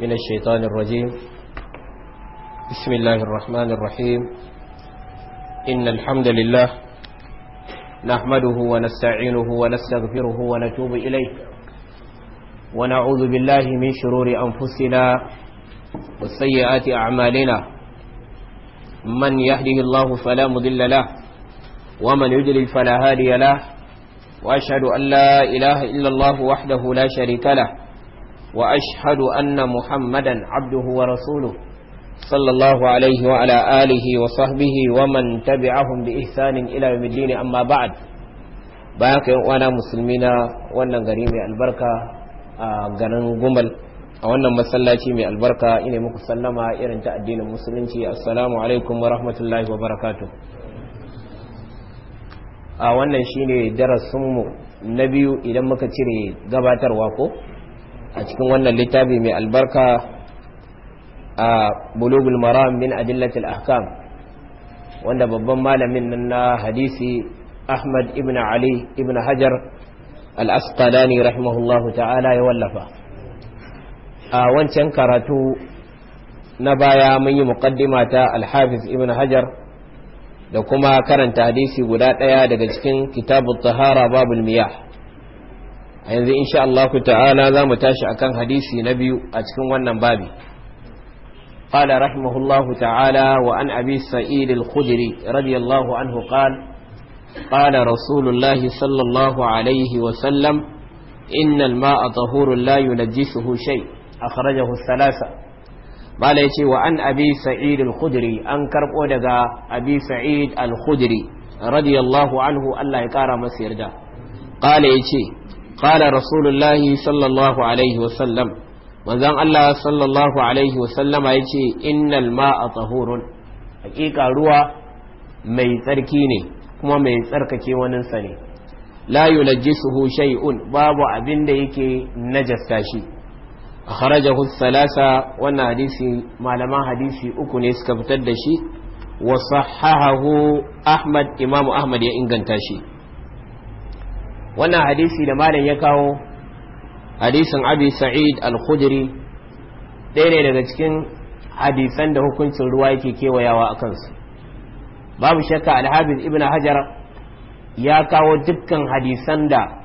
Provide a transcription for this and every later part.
من الشيطان الرجيم بسم الله الرحمن الرحيم إن الحمد لله نحمده ونستعينه ونستغفره ونتوب إليه ونعوذ بالله من شرور أنفسنا وسيئات أعمالنا من يهده الله فلا مضل له ومن يدلل فلا هادي له وأشهد أن لا إله إلا الله وحده لا شريك له وأشهد أن محمدا عبده ورسوله صلى الله عليه وعلى آله وصحبه ومن تبعهم بإحسان إلى يوم الدين أما بعد بياك وانا مسلمين وانا غريم البركة غرن جمل وانا مسلاتي من البركة إني مكو سلما إرنت الدين المسلمين السلام عليكم ورحمة الله وبركاته a wannan shine darasinmu na biyu idan muka cire gabatarwa ko a cikin wannan littafi mai albarka a bulugul maram min adillatil ahkam wanda babban malamin nan na hadisi ahmad ibn ali ibn hajar al-asqalani rahimahullahu ta'ala ya wallafa a wancan karatu na baya mun yi muqaddima ta al-hafiz ibn hajar da kuma karanta hadisi guda ɗaya daga cikin kitabu tahara babul miyah a yanzu insha Allah ta'ala za mu tashi akan hadisi na biyu a cikin wannan babi قال رحمه الله تعالى وعن أبي سعيد الخدري رضي الله عنه قال قال رسول الله صلى الله عليه وسلم إن الماء طهور لا ينجسه شيء أخرجه الثلاثة قال يتي وعن أبي سعيد الخدري أنكر أدقى أبي سعيد الخدري رضي الله عنه ألا يكار مسير دا قال يتي qala rasulullahi sallallahu alaihi wasallam manzon Allah sallallahu alaihi wasallama yace innal ma'a tahurun hakika ruwa mai tsarki ne kuma mai tsarkake wani sa ne la yunajjisuhu shay'un babu abin da yake najasta shi akhrajahu salasa wannan hadisi malaman hadisi uku ne suka fitar da shi wa sahahahu ahmad imamu ahmad ya inganta shi wannan hadisi da malam ya kawo hadisin abi sa'id al-khudri ɗaya ne daga cikin hadisan da hukuncin ruwa yake kewayawa a kansu babu shakka alhabis ibn hajar ya kawo dukkan hadisan da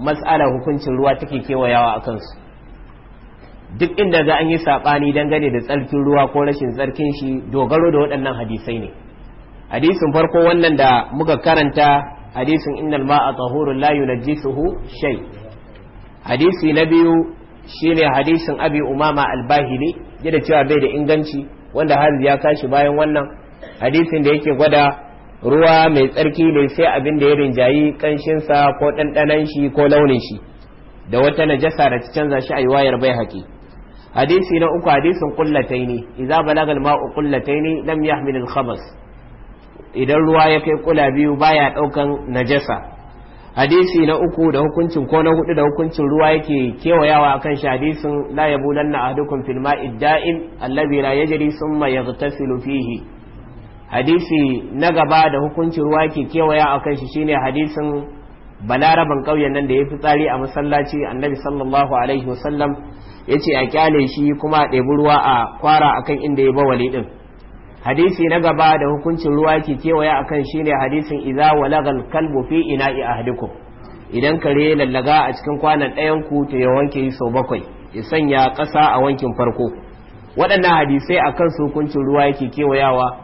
matsalar hukuncin ruwa take kewayawa a kansu duk inda za an yi saɓani dangane da tsarkin ruwa ko rashin tsarkin shi dogaro da waɗannan hadisai ne hadisin farko wannan da muka karanta hadisin innal ma'a tahurun la yunajjisuhu shay hadisi na biyu shine hadisin abi umama albahili da cewa bai da inganci wanda har ya kashi bayan wannan hadisin da yake gwada ruwa mai tsarki ne sai abin da ya rinjayi kanshinsa ko ɗanɗanon shi ko launin shi da wata najasa da ta canza shi a yi wayar bai haƙi hadisi na uku hadisin ƙullatai ne idza balagal ma'u kullatai ne lam yahmil al-khabas idan ruwa ya kai kula biyu baya ɗaukan najasa hadisi na uku da hukuncin ko na hudu da hukuncin ruwa yake kewayawa akan shi hadisin la yabulanna filma fil ma'i da'im allazi la yajri thumma yaghtasilu fihi hadisi na gaba da hukuncin ruwa yake kewaya akan shi shine hadisin balaraban ƙauyen nan da ya fi tsari a masallaci annabi sallallahu alaihi wasallam ya ce a kyale shi kuma a ɗebi ruwa a kwara akan inda ya bawali ɗin hadisi na gaba da hukuncin ruwa yake kewaya akan shine hadisin idza walagal kalbu fi ina'i ahdikum idan kare lallaga a cikin kwanan ɗayan ku to ya wanke yi sau bakwai ya sanya ƙasa a wankin farko waɗannan hadisai akan su hukuncin ruwa yake kewayawa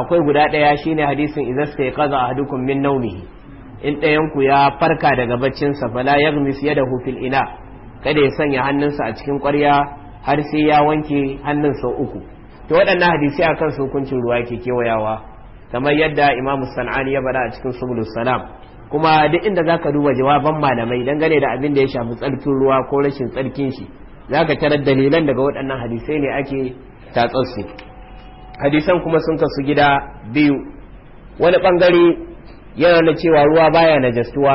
akwai guda ɗaya shine hadisin idza sai qaza ahdikum min nawmihi in ɗayan ku ya farka daga baccin sa fala yaghmis yadahu fil ina kada ya sanya hannunsa a cikin ƙwarya har sai ya wanke hannun sau uku to waɗannan hadisi akan kan hukuncin ruwa ke kewayawa kamar yadda imam san'ani ya bada a cikin subulus salam kuma duk inda za ka duba jawaban malamai dangane da abin da ya shafi tsarkin ruwa ko rashin tsarkin shi za ka tarar dalilan daga waɗannan hadisai ne ake tatsarsu hadisan kuma sun kasu gida biyu wani bangare yana na cewa ruwa baya najastuwa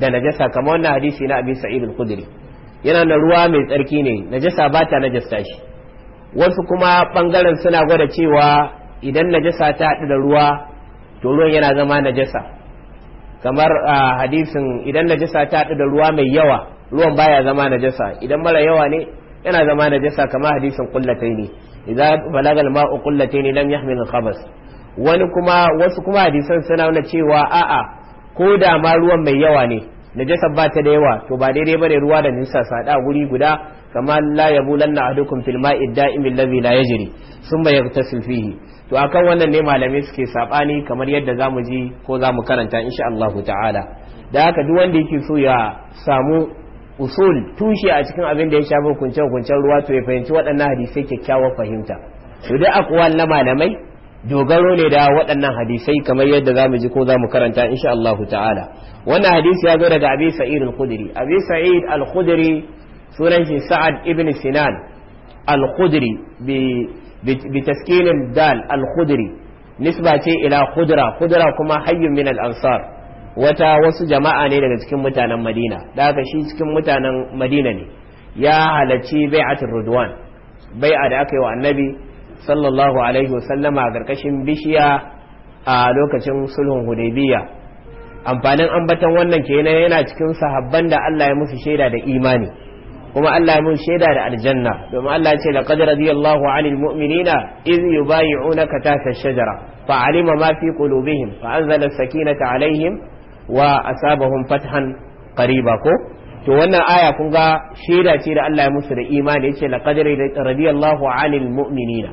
da najasa kamar wannan hadisi na abi sa'id al yana na ruwa mai tsarki ne najasa ba ta najasta shi wasu kuma bangaren suna gwada cewa idan najasa ta haɗu da ruwa to ruwan yana zama najasa kamar a hadisin idan najasa ta haɗu da ruwa mai yawa ruwan baya zama najasa idan mara yawa ne yana zama najasa kamar hadisin kullatai ne idan balagal ma'u kullatai ne lam yahmil khabas wani kuma wasu kuma hadisan suna nuna cewa a'a ko da ma ruwan mai yawa ne najasa ba ta da yawa to ba daidai bane ruwa da nisa sada guri guda kama la yabulanna ahadukum fil ma'i da'im allazi la yajri thumma yaghtasil fihi to akan wannan ne malamai suke sabani kamar yadda zamu ji ko mu karanta insha Allah ta'ala da haka duk wanda yake so ya samu usul tushe a cikin abin da ya shafi hukuncen hukuncen ruwa to ya fahimci waɗannan hadisai kyakkyawar fahimta to dai akwal na malamai dogaro ne da waɗannan hadisai kamar yadda zamu ji ko zamu karanta insha Allah ta'ala wannan hadisi ya zo daga Abi Sa'id al-Khudri Abi Sa'id al-Khudri sunan shi sa'ad ibn sinan al-khudri bi taskinin dal al-khudri nisba ce ila khudra khudra kuma hayyun al-ansar wata wasu jama'a ne daga cikin mutanen madina da haka shi cikin mutanen madina ne ya halarci bai'atul rudwan bai'a da aka yi wa annabi sallallahu alaihi wasallama a karkashin bishiya a lokacin sulhun hudaybiya amfanin ambaton wannan kenan yana cikin sahabban da Allah ya musu shaida da imani kuma Allah mun shaida da aljanna domin Allah ce laqad radiyallahu 'anil mu'minina iz yubayyi'unaka tahta ash-shajara fa'alima ma fi qulubihim fa'anzala as-sakinata 'alayhim wa asabahum fathan qariba ko to wannan aya kun ga shaida ce da Allah ya musu da imani yace laqad radiyallahu 'anil mu'minina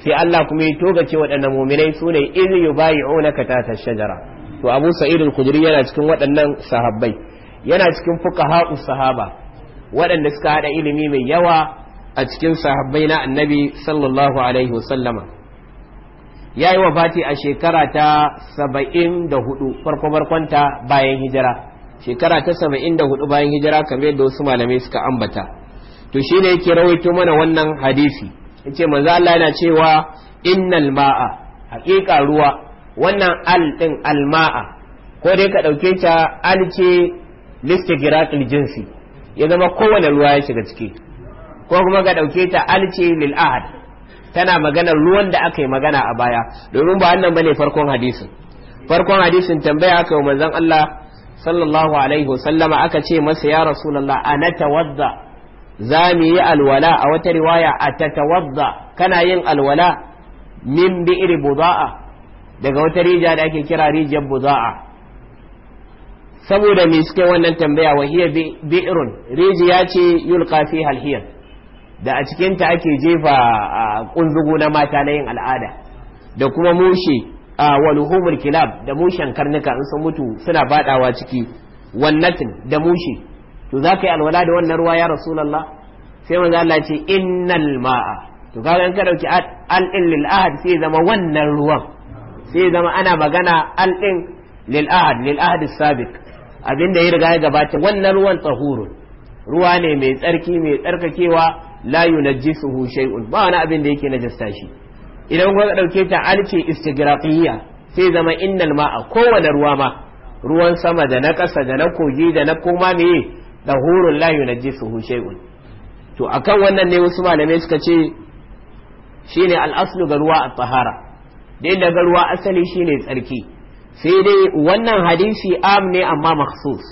sai Allah kuma ya toga ce waɗannan mu'minai sune iz yubayyi'unaka tahta ash-shajara to Abu Sa'id al-Khudri yana cikin waɗannan sahabbai yana cikin fuqaha'u sahaba waɗanda suka haɗa ilimi mai yawa a cikin sahabbai na annabi sallallahu alaihi wasallama ya yi wafati a shekara ta saba'in da hudu farko barkwanta bayan hijira shekara ta saba'in da hudu bayan hijira kamar yadda wasu malamai suka ambata to shi ne yake rawaito mana wannan hadisi in ce maza Allah yana cewa innal ma'a haƙiƙa ruwa wannan al ɗin al ma'a ko dai ka ɗauke ta al ce listigiraqil jinsi ya zama kowane ruwa ya shiga ciki ko kuma ka ɗauke ta alce lil ahad tana magana ruwan da aka yi magana a baya domin ba wannan bane farkon hadisin farkon hadisin tambaya aka yi manzon Allah sallallahu alaihi wasallama aka ce masa ya rasulullah ana tawadda za mu yi alwala a wata riwaya a tatawadda kana yin alwala min bi'ir buda'a daga wata rijiya da ake kira rijiyar buda'a saboda me suke wannan tambaya wa hiya bi'run rijiya ce yulqa fi halhiyar da a cikin ta ake jefa kunzugu na mata na yin al'ada da kuma mushe wa luhumul kilab da mushen karnuka in sun mutu suna fadawa ciki wannatin da mushe to za ka yi alwala da wannan ruwa ya rasulullah sai manzo Allah ce innal ma'a to kaga in ka dauki al lil ahad sai zama wannan ruwan sai zama ana magana al lil ahad lil ahad sabiq abin da ya riga ya gabata wannan ruwan tsahurun ruwa ne mai tsarki mai tsarkakewa la yunajjisuhu shay'un ba wani abin da yake najasta shi idan kuka dauke ta alce istigraqiyya sai zama innal ma'a kowane ruwa ma ruwan sama da na ƙasa da na kogi da na koma meye dahurun la yunajjisuhu shay'un to akan wannan ne wasu malamai suka ce shine al-aslu ga ruwa at-tahara da ruwa asali shine tsarki sai dai wannan hadisi am ne amma maksus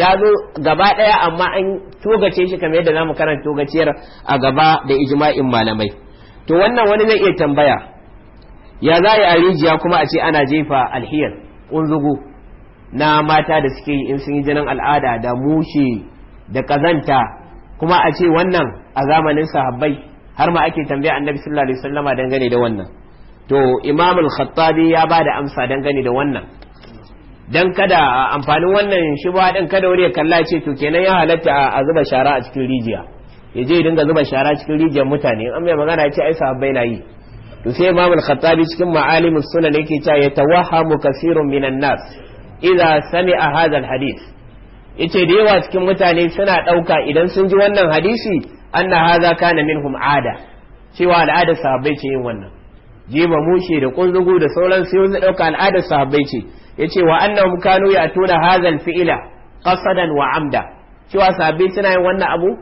ya zo gaba ɗaya amma an togace shi kamar yadda zamu karanta togaciyar a gaba da ijma'in malamai to wannan wani zai iya tambaya ya za a rijiya kuma a ce ana jefa alhiyar kunzugu na mata da suke yi in sun yi jinin al'ada da mushe da kazanta kuma a ce wannan a zamanin sahabbai har ma ake tambaya annabi sallallahu alaihi wasallama dangane da wannan to imam al-khattabi ya ba da amsa dangane da wannan dan kada amfanin wannan ba din kada wuri ya kalla ce to kenan ya halatta a zuba shara a cikin rijiya ya je dinga zuba shara cikin rijiyar mutane an mai magana ya ce ai sahabbai na yi to sai imam al-khattabi cikin ma'alimus sunan yake cewa yatawahhamu kasirun minan nas idza sami'a hadha al-hadith yace da yawa cikin mutane suna dauka idan sun ji wannan hadisi anna hadha kana minhum ada cewa al'ada sahabbai ce yin wannan jiba mushe da kunzugu da sauran sai wanda dauka al'adar sahabbai ce yace wa annahum kanu tuna hadhal fi'ila qasadan wa amda cewa sahabbai suna yin wannan abu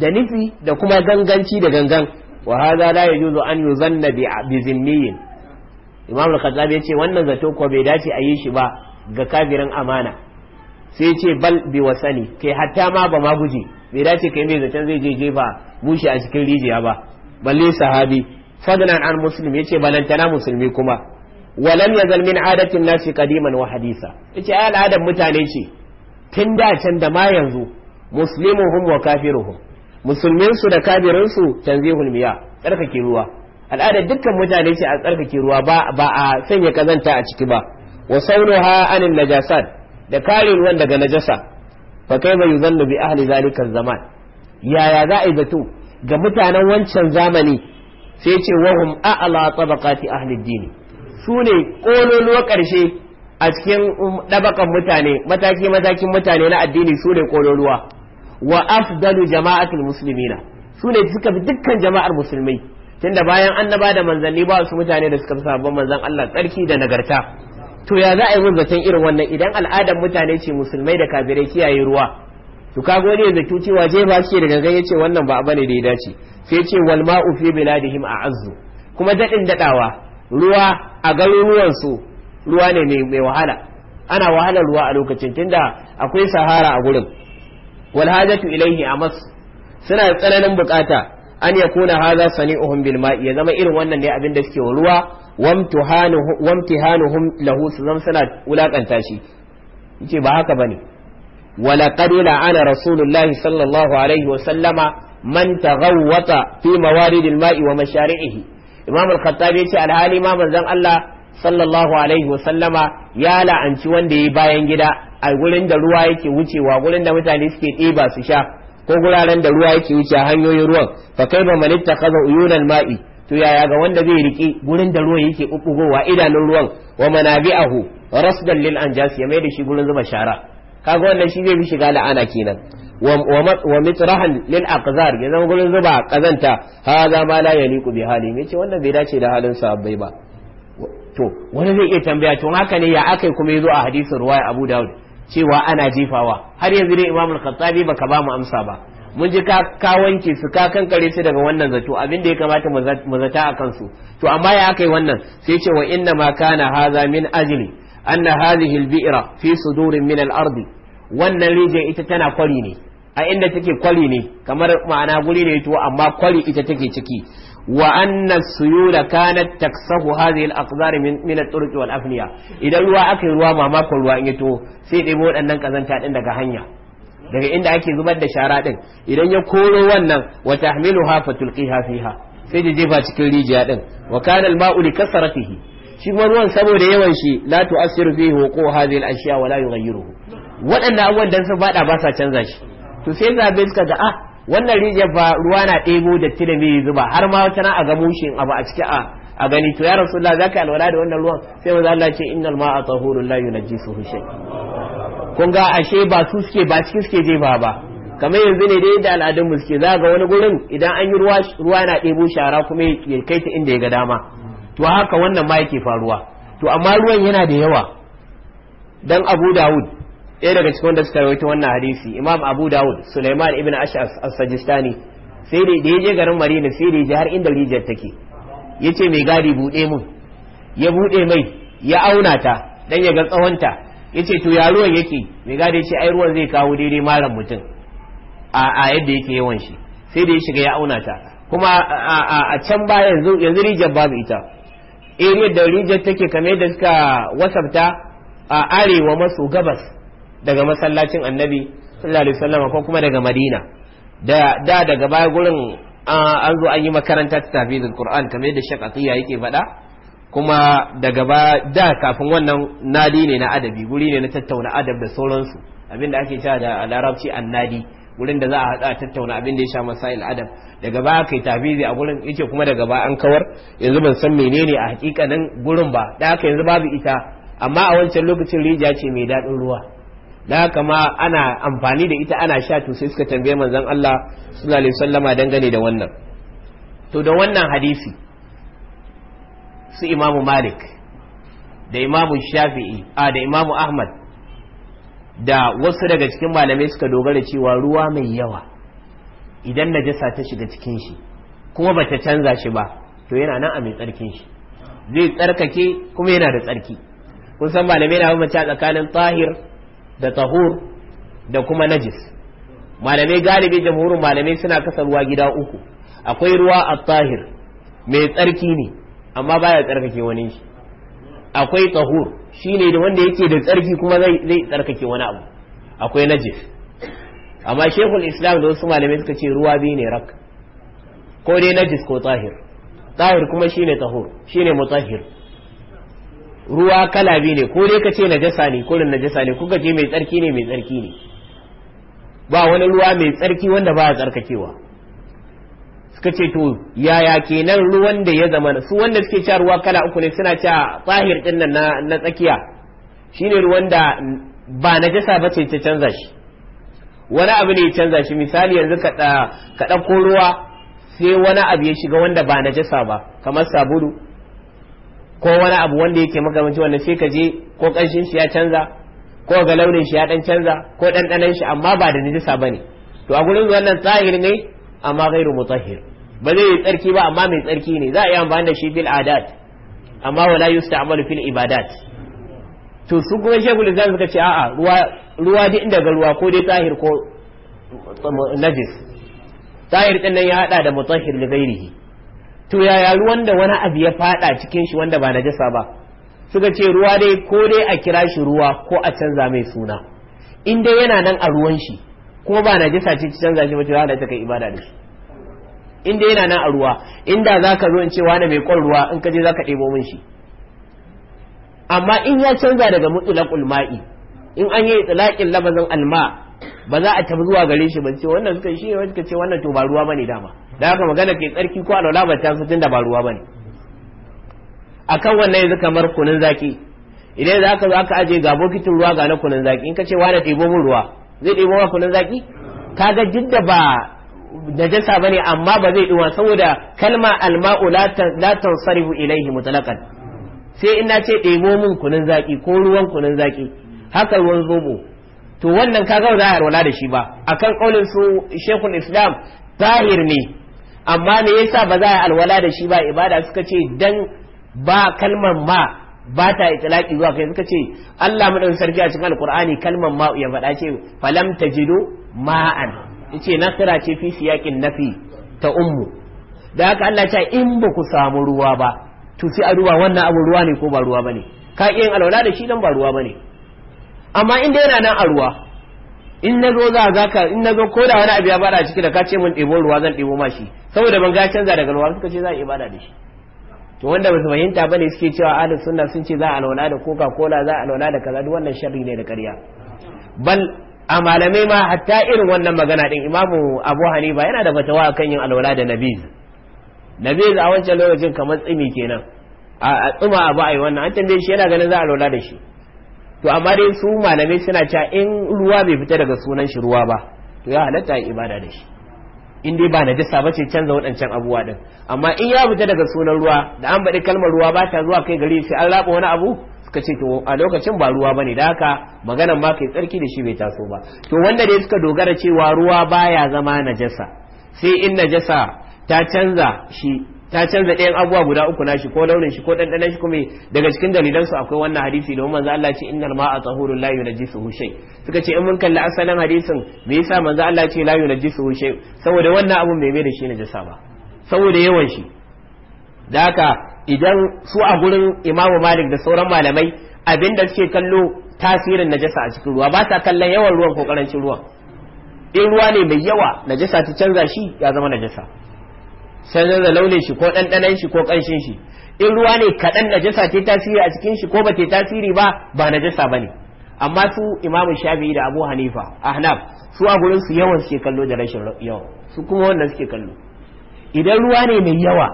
da nufi da kuma ganganci da gangan wa hadha la yajuzu an yuzanna bi zimmiyin imam al ya yace wannan zato ko bai dace a yi shi ba ga kafirin amana sai ce bal bi wasani kai hatta ma ba ma guje bai dace kai mai zaton zai je jefa mushi a cikin rijiya ba balle sahabi fadlan an muslim yace balantana musulmi kuma walam yazal min adatin nasi kadiman wa hadisa a ai al'adar mutane ce tun da can da ma yanzu muslimuhum wa kafiruhum musulmin su da kafirin su tanzihul miya tsarkake ruwa al'adar dukkan mutane ce a tsarkake ruwa ba ba a sanya kazanta a ciki ba wa saunuha anin najasar. da kare ruwan daga najasa fa kaifa yuzannu bi ahli zalika zama. yaya za a yi zato ga mutanen wancan zamani sai ce wahum a'la tabaqati ahli din su ne kololuwa karshe a cikin dabakan um, mutane mataki matakin mutane na addini su ne kololuwa wa afdalu jama'atul muslimina su ne suka fi dukkan jama'ar musulmai tunda bayan annaba da manzanni ba su mutane da suka fi sabon manzan Allah tsarki da nagarta to ya za a yi zaton irin wannan idan al'adar mutane ce musulmai da kafirai kiyaye ruwa to kaga wani yanzu cewa je ba ce da gangan yace wannan ba bane da ya dace sai ce wal ma'u fi biladihim a'azzu kuma dadin dadawa ruwa a garuruwan su ruwa ne mai wahala ana wahala ruwa a lokacin tunda akwai sahara a gurin wal hajatu ilaihi amas suna tsananin bukata an ya kuna haza sani'uhum bil ma'i ya zama irin wannan ne abin da suke wa ruwa wamtihanuhum lahu su zama suna wulakanta shi yace ba haka bane ولقد لعن رسول الله صلى الله عليه وسلم من تغوط في موارد الماء ومشارعه إمام الخطاب يتي الحالي ما من الله صلى الله عليه وسلم يا لعنci wanda ya bayan gida a gurin da ruwa yake wucewa gurin da mutane suke ɗiba su sha ko guraren da ruwa yake wuce hanyoyin ruwan fa kai ba man kaza uyunal ma'i to yaya ga wanda zai riki gurin da ruwan yake bubbugowa idanun ruwan wa manabi'ahu rasdan lil anjas ya mai da shi gurin zuba shara kaga wannan shi zai bi shiga la'ana kenan wa mitrahan lil aqzar ya zama gurin zuba kazanta haza ma la yaliqu bi hali yace wannan bai dace da halin sahabbai ba to wani zai iya tambaya to haka ne ya akai kuma yazo a hadisin ruwaya Abu Dawud cewa ana jefawa har yanzu dai Imam Al-Khattabi baka ba mu amsa ba mun ji ka wanke su ka kankare su daga wannan zato abin da ya kamata mu zata a kansu to amma ya akai wannan sai ce wa inna ma kana haza min ajli anna hadhihi al-bi'ra fi sudurin min al-ardi wannan rijiyar ita tana kwari ne a inda take kwari ne kamar ma'ana guri ne to amma kwari ita take ciki wa anna suyula kanat taksahu hadhihi al-aqdar min min at-turuq wal afniya idan ruwa aka yi ruwa mamakon ruwa in yato sai dai waɗannan kazanta din daga hanya daga inda ake zubar da shara din idan ya koro wannan wa tahmiluha fatulqiha fiha sai da jefa cikin rijiya din wa kana al-ma'u li kasratihi shi ruwan saboda yawan shi la tu'assiru fihi a hadhihi al-ashya wa la yughayyiruhu Waɗanda abubuwan dan sun faɗa ba sa canza shi to sai zabe suka ga a ah, wannan rijiyar ba ruwa na ɗebo da tilo mai zuba har ma wata na a ga mushin abu a ciki a a gani to ya rasu rasulullah ka alwala da wannan ruwan sai maza Allah ce innal ma'a tahurun la su hushe kun ga ashe ba su suke ba cikin suke jefa ba kamar yanzu ne dai da al'adun mu suke za ga wani gurin idan an yi ruwa ruwa na ɗebo shara kuma ya kai ta inda ya ga dama to haka wannan ma yake faruwa to amma ruwan yana da yawa dan Abu Dawud ɗaya daga cikin wanda suka rawaito wannan hadisi imam abu dawud Suleiman ibn ash'as as-sajistani sai da ya je garin marina sai da ya je har inda rijiyar take yace mai gadi buɗe mun ya buɗe mai ya auna ta dan ya ga tsawonta yace to ya ruwan yake mai gadi ce ai ruwan zai kawo daidai malam mutum a a yadda yake yawan shi sai da ya shiga ya auna ta kuma a can ba yanzu yanzu rijiyar babu ita eh da rijiyar take kamar yadda suka wasafta a arewa maso gabas daga masallacin annabi sallallahu alaihi wasallam ko kuma daga madina da da daga baya gurin an zo an yi makaranta ta tafizul qur'an kamar yadda shek atiya yake faɗa kuma daga ba da kafin wannan nadi ne na adabi guri ne na tattauna adab da sauransu abinda ake cewa da larabci annadi gurin da za a hada tattauna abin ya sha masail adab daga baya kai tafizi a gurin yake kuma daga baya an kawar yanzu ban san menene a hakikanin gurin ba da haka yanzu babu ita amma a wancan lokacin rijiya ce mai daɗin ruwa da haka ma ana amfani da ita ana sha to sai suka tambaye manzon Allah sallallahu alaihi wasallama dangane da wannan to da wannan hadisi su imamu malik da imamu shafi'i a da imamu ahmad da wasu daga cikin malamai suka dogara cewa ruwa mai yawa idan najasa ta shiga cikin shi kuma bata canza shi ba to yana nan a mai tsarkin shi zai tsarkake kuma yana da tsarki kun san malamai na a tsakanin tahir da tahur da kuma najis malamai galibi jamhurin malamai suna kasa ruwa gida uku akwai ruwa a tahir mai tsarki ne amma baya tsarkake wani shi akwai tahur shine da wanda yake da tsarki kuma zai tsarkake wani abu akwai najis amma shekul islam da wasu malamai suka ce ruwa biyu ne rak ko dai najis ko tahir tahir kuma shine tahur shine mutahhir ruwa kala biyu ne ko dai ka ce najasa ne kurin najasa ne kuka je mai tsarki ne mai tsarki ne ba wani ruwa mai tsarki wanda ba ya tsarkakewa suka ce to yaya kenan ruwan da ya zama su wanda suke cewa ruwa kala uku ne suna cewa tsahir din nan na tsakiya shine ruwan da ba najasa ba ce ta canza shi wani abu ne ya canza shi misali yanzu ka ɗauko ruwa sai wani abu ya shiga wanda ba najasa ba kamar sabulu ko wani abu wanda yake magamanci wanda sai ka je ko kanshin shi ya canza ko ga launin shi ya dan canza ko ɗanɗanon shi amma ba da najisa ne. to a gurin wannan tsahir ne amma ghairu mutahhir ba zai yi tsarki ba amma mai tsarki ne za a yi amfani da shi fil adat amma wala yusta'malu fil ibadat to su kuma shekul zan suka ce a'a ruwa ruwa duk inda ga ruwa ko dai tsahir ko najis tsahir din nan ya hada da mutahhir li ghairihi to yaya ruwan da wani abu ya fada cikin shi wanda ba najasa ba suka ce ruwa dai ko dai a kira shi ruwa ko a canza mai suna in dai yana nan a ruwan shi ko ba najasa ce ci canza shi ba ta kai ibada da shi in dai yana nan a ruwa inda ka zo in ce wani mai kwan ruwa in ka je ka ɗebo min shi amma in ya canza daga mutulakul ma'i in an yi itlaqin lamazin alma ba za a tabi zuwa gare shi ba ce wannan suka shi ne wanda ce wannan to ba ruwa ba ne dama da haka magana ke tsarki ko alwala ba ta fitin da ba ruwa bane akan wannan yanzu kamar kunun zaki idan za ka zo aka aje ga bokitin ruwa ga na kunun zaki in ka ce wani ɗebo min ruwa zai ɗebo wa kunun zaki kaga jidda ba najasa bane amma ba zai ɗuwa saboda kalma alma'u la tansarifu ilaihi mutlaqan sai ina ce ɗebo min kunun zaki ko ruwan kunun zaki haka ruwan zobo to wannan kaga ba za a yarwala da shi ba akan kaulin su shekul islam tahir ne amma me sa ba za a yi alwala da shi ba ibada suka ce dan ba kalmar ma ba ta itlaqi zuwa kai suka ce Allah mu sarki a cikin alqur'ani kalmar ma ya faɗa ce falam tajidu ma'an yace nasira ce fi siyaqin nafi ta ummu da haka Allah ya ce in ba ku samu ruwa ba to sai a ruwa wannan abu ruwa ne ko ba ruwa bane ka yin alwala da shi dan ba ruwa bane amma in dai yana nan a ruwa in na zo za za in na zo ko da wani abu ya bada ciki da ka ce mun ɗebo ruwa zan ɗebo mashi saboda ban ga canza daga ruwa suka ce za a ibada da shi to wanda ba su fahimta bane suke cewa ahlus sunna sun ce za a alwala da coca cola za a alwala da kaza duk wannan sharri ne da ƙarya bal a malamai ma hatta irin wannan magana din imamu abu hanifa yana da fatawa akan yin alwala da nabiz nabiz a wancan lokacin kamar tsimi kenan a tsuma abu ai wannan an tambaye shi yana ganin za a alwala da shi to amma dai su malamai suna cewa in ruwa bai fita daga sunan shi ruwa ba to ya halatta yi ibada da shi in dai ba najasa ba ce canza waɗancan abuwa din amma in ya fita daga sunan ruwa da an baɗi kalmar ruwa ba ta zuwa kai gari sai an raba wani abu suka ce to a lokacin ba ruwa bane da haka maganan ma kai tsarki da shi bai taso ba to wanda dai suka dogara cewa ruwa baya zama najasa sai in najasa ta canza shi ta canza ɗayan abubuwa guda uku na shi ko launin shi ko ɗanɗanon shi kuma daga cikin dalilan su akwai wannan hadisi domin manzo Allah ce innal ma'a tahurun la yunajjisuhu shay suka ce in mun kalli asalin hadisin me yasa manzo Allah ce la yunajjisuhu shay saboda wannan abun bai mai da shi najasa ba saboda yawan shi da haka idan su a gurin Imam Malik da sauran malamai abinda suke kallo tasirin najasa a cikin ruwa ba ta kallon yawan ruwan ko karancin ruwan in ruwa ne mai yawa najasa ta canza shi ya zama najasa sanar da launin shi ko ɗanɗanan shi ko ƙanshin shi in ruwa ne kaɗan najasa ta tasiri a cikin shi ko ba ta tasiri ba ba najasa ba ne amma su imamu shafi'i da abu hanifa ahnaf su a gurin su yawan suke kallo da rashin yawa su kuma wannan suke kallo idan ruwa ne mai yawa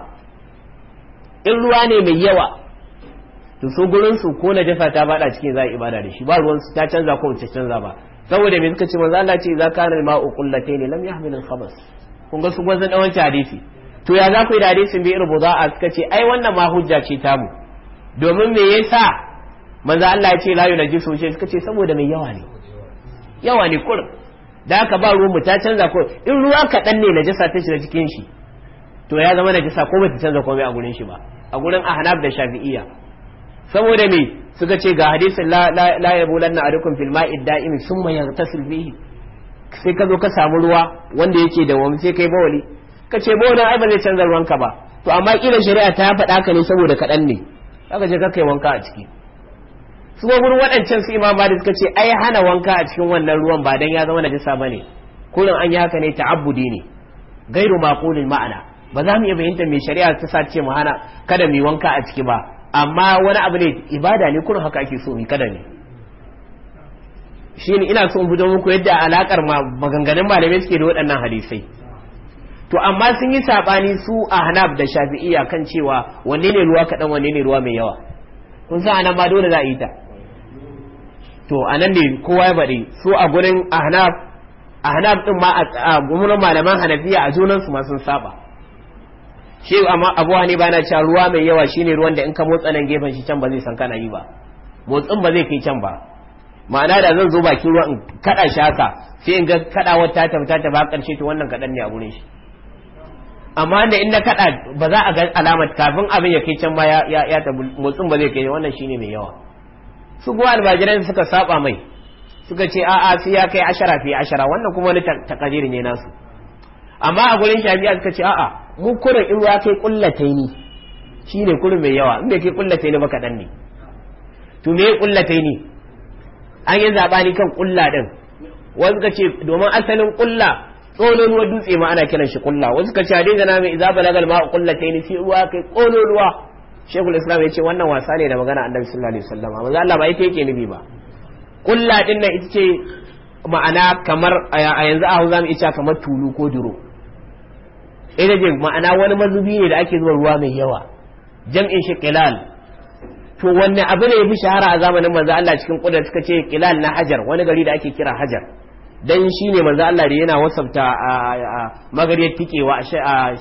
in ruwa ne mai yawa to su gurin su ko najasa ta bada cikin za a ibada da shi ba ruwan su ta canza ko ta canza ba saboda me suka ce manzo Allah ce za ka al-ma'u qullatayn lam lamya al-khabas kun ga su gwazan dawan hadisi to ya za ku yi da hadisin bi irbu a suka ce ai wannan ma hujja ce mu domin me yasa manzo Allah ya ce la yunajjisu shi suka ce saboda mai yawa ne yawa ne kurin da aka ba ruwan ta canza ko in ruwa kaɗan ne na najasa ta shiga cikin shi to ya zama najasa ko ba ta canza komai a gurin shi ba a gurin ahnaf da shafi'iyya saboda me suka ce ga hadisin la la yabulanna adukum fil ma'i da'imi summa yartasil bihi sai ka zo ka samu ruwa wanda yake da sai kai bawali ka ce ba wani ba zai canza ruwanka ba to amma kila shari'a ta faɗa ka ne saboda kaɗan ne aka je kai wanka a ciki su ga gurin waɗancan su imam da suka ce ai hana wanka a cikin wannan ruwan ba dan ya zama na ba bane kullun an yi haka ne ta'abbudi ne gairu maqulil ma'ana ba za mu iya fahimtar me shari'a ta sa ce mu hana kada mu wanka a ciki ba amma wani abu ne ibada ne kullun haka ake so mu kada ne shi ina so in bujo muku yadda alakar maganganun malamai suke da waɗannan hadisai to amma sun yi sabani su ahnaf da shafi'iyya kan cewa wanne ne ruwa kaɗan wanne ne ruwa mai yawa kun san anan ma dole za a yi ta to anan ne kowa ya bari su a gurin ahnab ahnab din ma a gurin malaman hanafiya a junan su ma sun saba shi amma abu ne bana cewa ruwa mai yawa shine ruwan da in ka motsa nan gefen shi can ba zai san kana yi ba motsin ba zai kai can ba ma'ana da zan zo bakin ruwa in kada shi haka sai in ga kadawar ta tafi ta tafi karshe to wannan kadan ne a gurin shi amma da inda na kada ba za a ga alamar kafin abin ya kai can ba ya ya ta motsin ba zai kai wannan shine mai yawa su kuma albajiran suka saba mai suka ce a'a su ya kai ashara fi ashara wannan kuma wani takadiri ne nasu amma a gurin shafi'a suka ce a'a mu kura in ya kai kullatai ni shine kurin mai yawa in kai kullatai ni ba kadan ne to me kullatai ni an yi zabani kan kulla din wanda ce domin asalin kulla ruwa dutse ma ana kiran shi kulla wasu ka ce hadin gana mai idza balagal ma yi fi ruwa kai ruwa. shekul islam ya ce wannan wasa ne da magana annabi sallallahu alaihi wasallam amma Allah ba ita yake nubi ba kulla din nan ita ce ma'ana kamar a yanzu a hausa mu ita kamar tulu ko duro ita ce ma'ana wani mazubi ne da ake zuwa ruwa mai yawa jam'in shi qilal to wanne abu ne ya fi shahara a zamanin manzo Allah cikin kudar suka ce kilal na hajar wani gari da ake kira hajar dan shi ne manzo Allah da yana wasafta magariyar tikewa a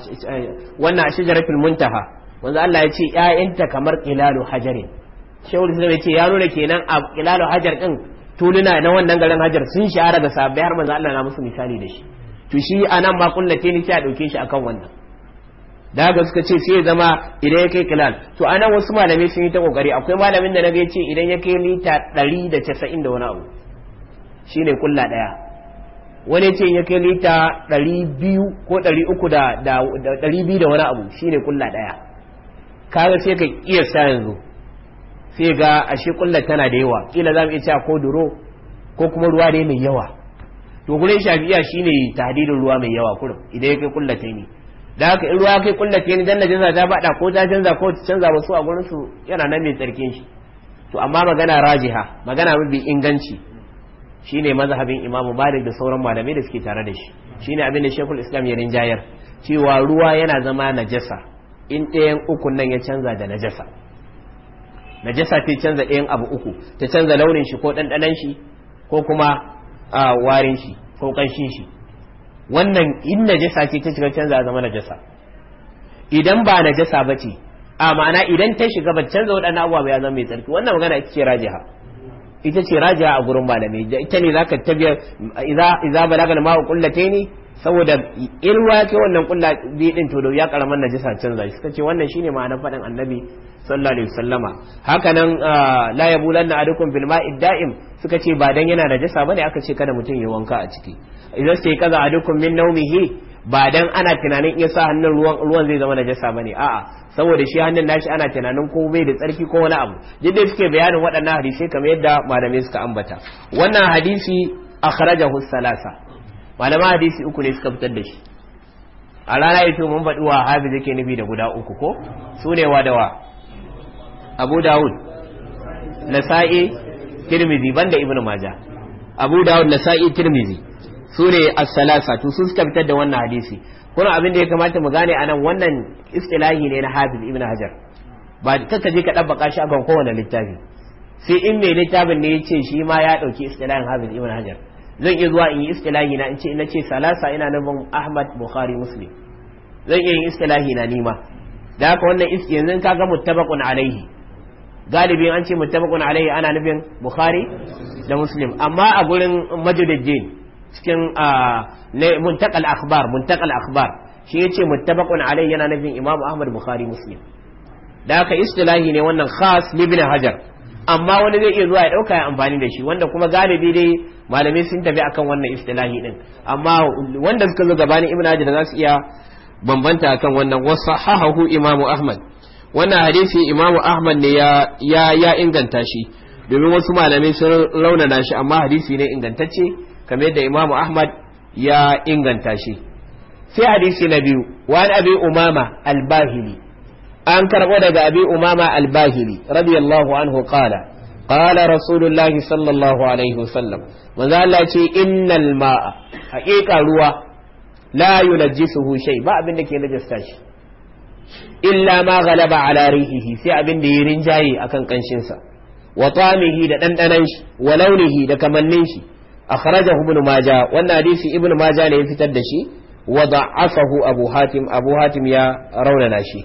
wannan shajaratul muntaha manzo Allah ya ce ƴaƴanta kamar qilalu hajarin shehu da ya ce ya nuna kenan a qilalu hajar din tuluna na wannan garin hajar sun shahara da sabai har manzo Allah na musu misali da shi to shi anan ma kullace ne sai a dauke shi akan wannan da ga suka ce sai zama idan ya kai kilal to anan wasu malamai sun yi ta kokari akwai malamin da na ga ce idan ya kai lita 190 da wani abu shine kulla daya wani ce ya kai lita 200 biyu ko 300 da wani abu shine kulla ɗaya kaga sai ka iya sa yanzu sai ga ashe kulla tana da yawa kila za mu iya cewa ko duro ko kuma ruwa dai mai yawa to gurin shafi'iya shine tahdidin ruwa mai yawa kurum idan ya kai kulla ta ne da haka in ruwa kai kulla ta ne dan najin ta bada ko ta canza ko ta canza ba su a gurin su yana nan mai tsarkin shi to amma magana rajiha magana mafi inganci shine mazhabin imamu malik da sauran malamai da suke tare da shi shine abin da shekul islam ya rinjayar cewa ruwa yana zama najasa in ɗayan uku nan ya canza da najasa najasa ta canza ɗayan abu uku ta canza launin shi ko ɗanɗanon shi ko kuma warin shi ko ƙanshin shi wannan in najasa ce ta shiga canza zama najasa idan ba najasa ba ce a ma'ana idan ta shiga ba canza waɗannan abubuwa ya zama mai tsarki wannan magana ake rajiha ita ce raja a gurin malami ita ne zaka tabiya idza idza balagal ma'u qullataini saboda ilwa ke wannan kulla bi din to ya karaman najisa zai suka ce wannan shine ma'anar fadin annabi sallallahu alaihi wasallama haka nan ah, la yabulanna adukum bil ma'i da'im suka ce ba dan yana najasa bane aka ce kada mutum ya wanka a ciki idan sai kaza adukum min naumihi ba dan ana tunanin iya sa hannun ruwan ruwan zai zama najasa bane a'a saboda shi hannun nashi ana tunanin ko bai da tsarki ko wani abu duk da suke bayanin waɗannan hadisai kamar yadda malamai suka ambata wannan hadisi kharaja salasa malama hadisi uku ne suka fitar da shi a rana ito mun faɗi wa hafiz zake nufi da guda uku ko su ne wa da wa abu dawud nasa'i tirmizi banda ibnu maja abu dawud nasa'i tirmizi su ne as-salasa to su suka fitar da wannan hadisi kuna abin da ya kamata mu gane anan wannan istilahi ne na Hafiz Ibn Hajar ba kaka je ka dabbaka shi a kan kowane littafi sai in mai littafin ne ya ce shi ma ya dauki istilahin Hafiz Ibn Hajar zan iya zuwa in yi istilahi na in ce ina ce salasa ina nufin Ahmad Bukhari Muslim zan iya yin istilahi na nima da haka wannan iski yanzu ka ga muttabaqun alaihi galibin an ce muttabaqun alaihi ana nufin Bukhari da Muslim amma a gurin Majduddin cikin muntakal akhbar muntakal akhbar shi yace muttabaqun alai yana nufin Imam Ahmad Bukhari Muslim da haka istilahi ne wannan khas ibn Hajar amma wani zai iya zuwa ya dauka ya amfani da shi wanda kuma galibi dai malamai sun tafi akan wannan istilahi din amma wanda suka zo gabanin Ibn Hajar za su iya bambanta akan wannan wasahahu Imam Ahmad wannan hadisi Imam Ahmad ne ya inganta shi domin wasu malamai sun raunana shi amma hadisi ne ingantacce kamar da Imam Ahmad ya inganta shi sai hadisi na biyu wani abi umama albahili an karɓo daga abi umama albahili radiyallahu anhu qala qala rasulullahi sallallahu alaihi wasallam manzo Allah ce innal ma'a haƙiƙa ruwa la yunajjisuhu shay ba abin da ke najasta shi illa ma ghalaba ala rihihi sai abin da ya rinjaye akan kanshin sa wa tamihi da dandanan shi wa launihi da kamannin shi akhrajahu ibn majah wannan hadisi ibn majah ne ya fitar da shi wa da'afahu abu hatim abu hatim ya raunana shi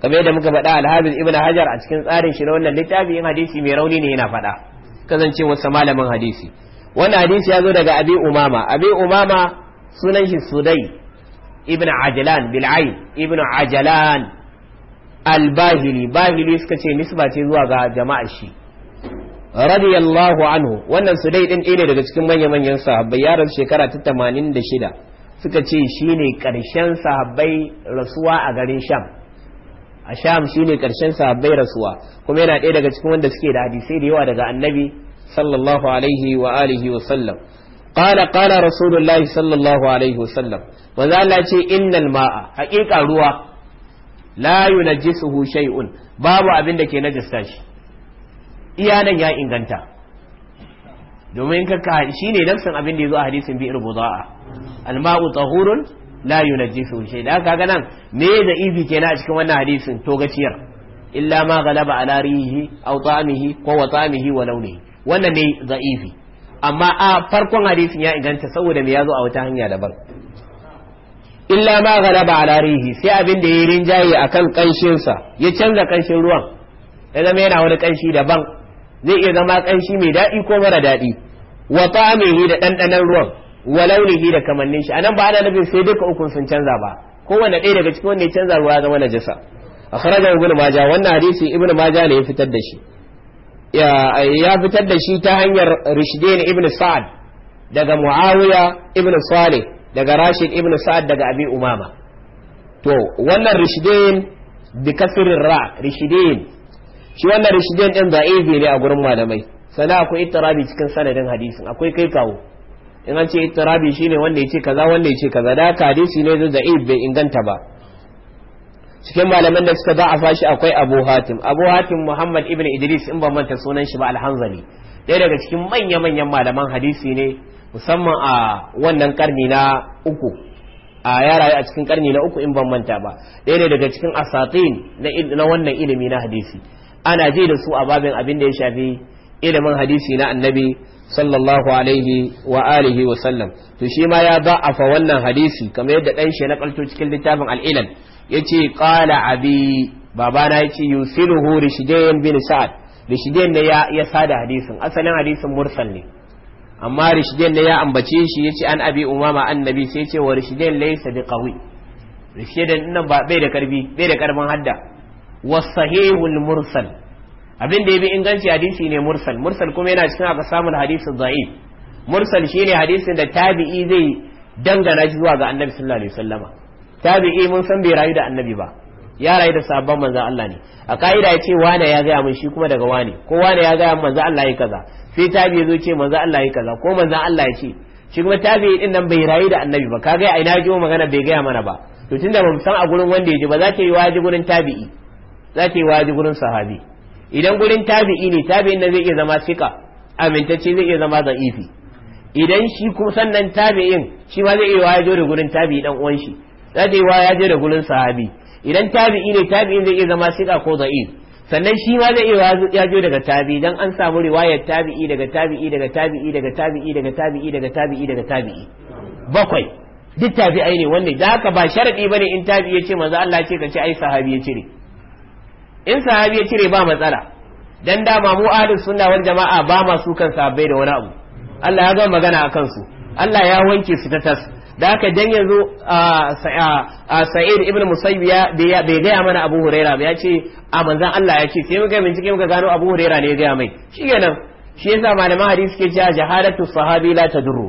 kamar yadda muka faɗa alhafiz ibn hajar a cikin tsarin shi na wannan littafi in hadisi mai rauni ne yana faɗa kasance wasu malamin hadisi wannan hadisi ya zo daga abi umama abi umama sunan shi sudai ibn ajlan bil'ain ibn ajlan al-bahili bahili suka ce nisba ce zuwa ga jama'ar shi radiyallahu anhu wannan su dai din ɗaya daga cikin manya-manyan sahabbai ya rasu shekara ta tamanin da shida suka ce shine karshen sahabbai rasuwa a garin sham a sham shine karshen sahabbai rasuwa kuma yana ɗaya daga cikin wanda suke da hadisai da yawa daga annabi sallallahu alaihi wa alihi wa sallam qala qala rasulullahi sallallahu alaihi wa sallam manzo Allah ce innal ma'a haqiqa ruwa la yunajjisuhu shay'un babu abin da ke najasta shi iya ya inganta domin kaka shine nafsin abin da zo a hadisin bi irbuza'a alma'u tahurun la yunajjisu shay da kaga nan me da ifi kenan a cikin wannan hadisin to gaciyar illa ma galaba ala rihi aw tamihi ko wa wa launihi wannan ne za'ifi amma a farkon hadisin ya inganta saboda me yazo a wata hanya daban illa ma galaba ala rihi sai abin da ya rinjaye akan kanshin sa ya canza kanshin ruwan ya zama yana wani kanshi daban zai iya zama kanshi mai daɗi ko mara daɗi wa ta'amihi da ɗanɗanon ruwan wa launihi da kamannin shi anan ba ana nufin sai duka ukun sun canza ba kowanne ɗaya daga cikin wanda ya canza ruwa zama najasa akhrajahu ibnu Maja wannan hadisi ibnu Maja ne ya fitar da shi ya fitar da shi ta hanyar rishdain ibn sa'ad daga muawiya ibn salih daga rashid ibn sa'ad daga abi umama to wannan rishdain bi kasrin ra rishdain shi wannan rishidan din da'ifi ne a gurin malamai sana akwai ittirabi cikin sanadin hadisin akwai kai kawo in an ce ittirabi shine wanda yace kaza wanda yace kaza da haka hadisi ne da bai inganta ba cikin malaman da suka a shi akwai Abu Hatim Abu Hatim Muhammad ibn Idris in ban manta sunan shi ba al ɗaya daga cikin manya-manyan malaman hadisi ne musamman a wannan karni na uku a ya rayu a cikin karni na uku in ban manta ba ɗaya daga cikin asatin na wannan ilimi na hadisi ana ji da su a babin abin da ya shafi ilimin hadisi na annabi sallallahu alaihi wa alihi wa sallam to shi ma ya fa wannan hadisi kamar yadda dan shi na kalto cikin littafin al-ilal yace qala abi babana yace yusiluhu rishdayn bin sa'ad rishdayn ne ya ya sada hadisin asalin hadisin mursal ne amma rishdayn ne ya ambace shi yace an abi umama annabi sai yace wa rishdayn laysa biqawi rishdayn nan ba bai da karbi bai da karbin hadda wasahihul mursal abin da ya bi inganci hadisi ne mursal mursal kuma yana cikin aka samun hadisin za'if mursal shine hadisin da tabi'i zai dangana zuwa ga annabi sallallahu alaihi wasallama tabi'i mun san bai rayu da annabi ba ya rayu da sabon manzan Allah ne a ka'ida ya ce wane ya gaya mun shi kuma daga wane ko wane ya gaya manzan Allah ya kaza sai tabi'i zo ce manzan Allah ya kaza ko manzan Allah ya ce shi kuma tabi'i din nan bai rayu da annabi ba kaga ina ji magana bai gaya mana ba to tunda ba mu san a gurin wanda ya ji ba za ta yi waje gurin tabi'i za ta yi waji gurin sahabi idan gurin tabi'i ne tabi'in da zai iya zama sika amintacce zai iya zama za'ifi idan shi kuma sannan tabi'in shi ma zai iya wajo da gurin tabi'i dan uwan shi za ta yi wajo da gurin sahabi idan tabi'i ne tabi'in zai iya zama sika ko za'if sannan shi ma zai iya yajo daga tabi'i dan an samu riwayar tabi'i daga tabi'i daga tabi'i daga tabi'i daga tabi'i daga tabi'i daga tabi'i bakwai duk tabi'ai ne wannan da haka ba sharadi bane in tabi'i ya ce manzo Allah ce ka ce ai sahabi ya ce ne in sahabi ya cire ba matsala dan dama mu ahlus sunna wal jama'a ba ma su kan sahabbai da wani abu Allah ya gama magana akan su Allah ya wanke su ta tas da haka dan yanzu a sa'id ibn musayyib ya bai gaya mana abu huraira ba ya ce a manzan Allah ya ce sai muka bincike muka gano abu huraira ne ya gaya mai shikenan shi yasa malaman hadisi ke cewa jahalatu sahabi la tadurru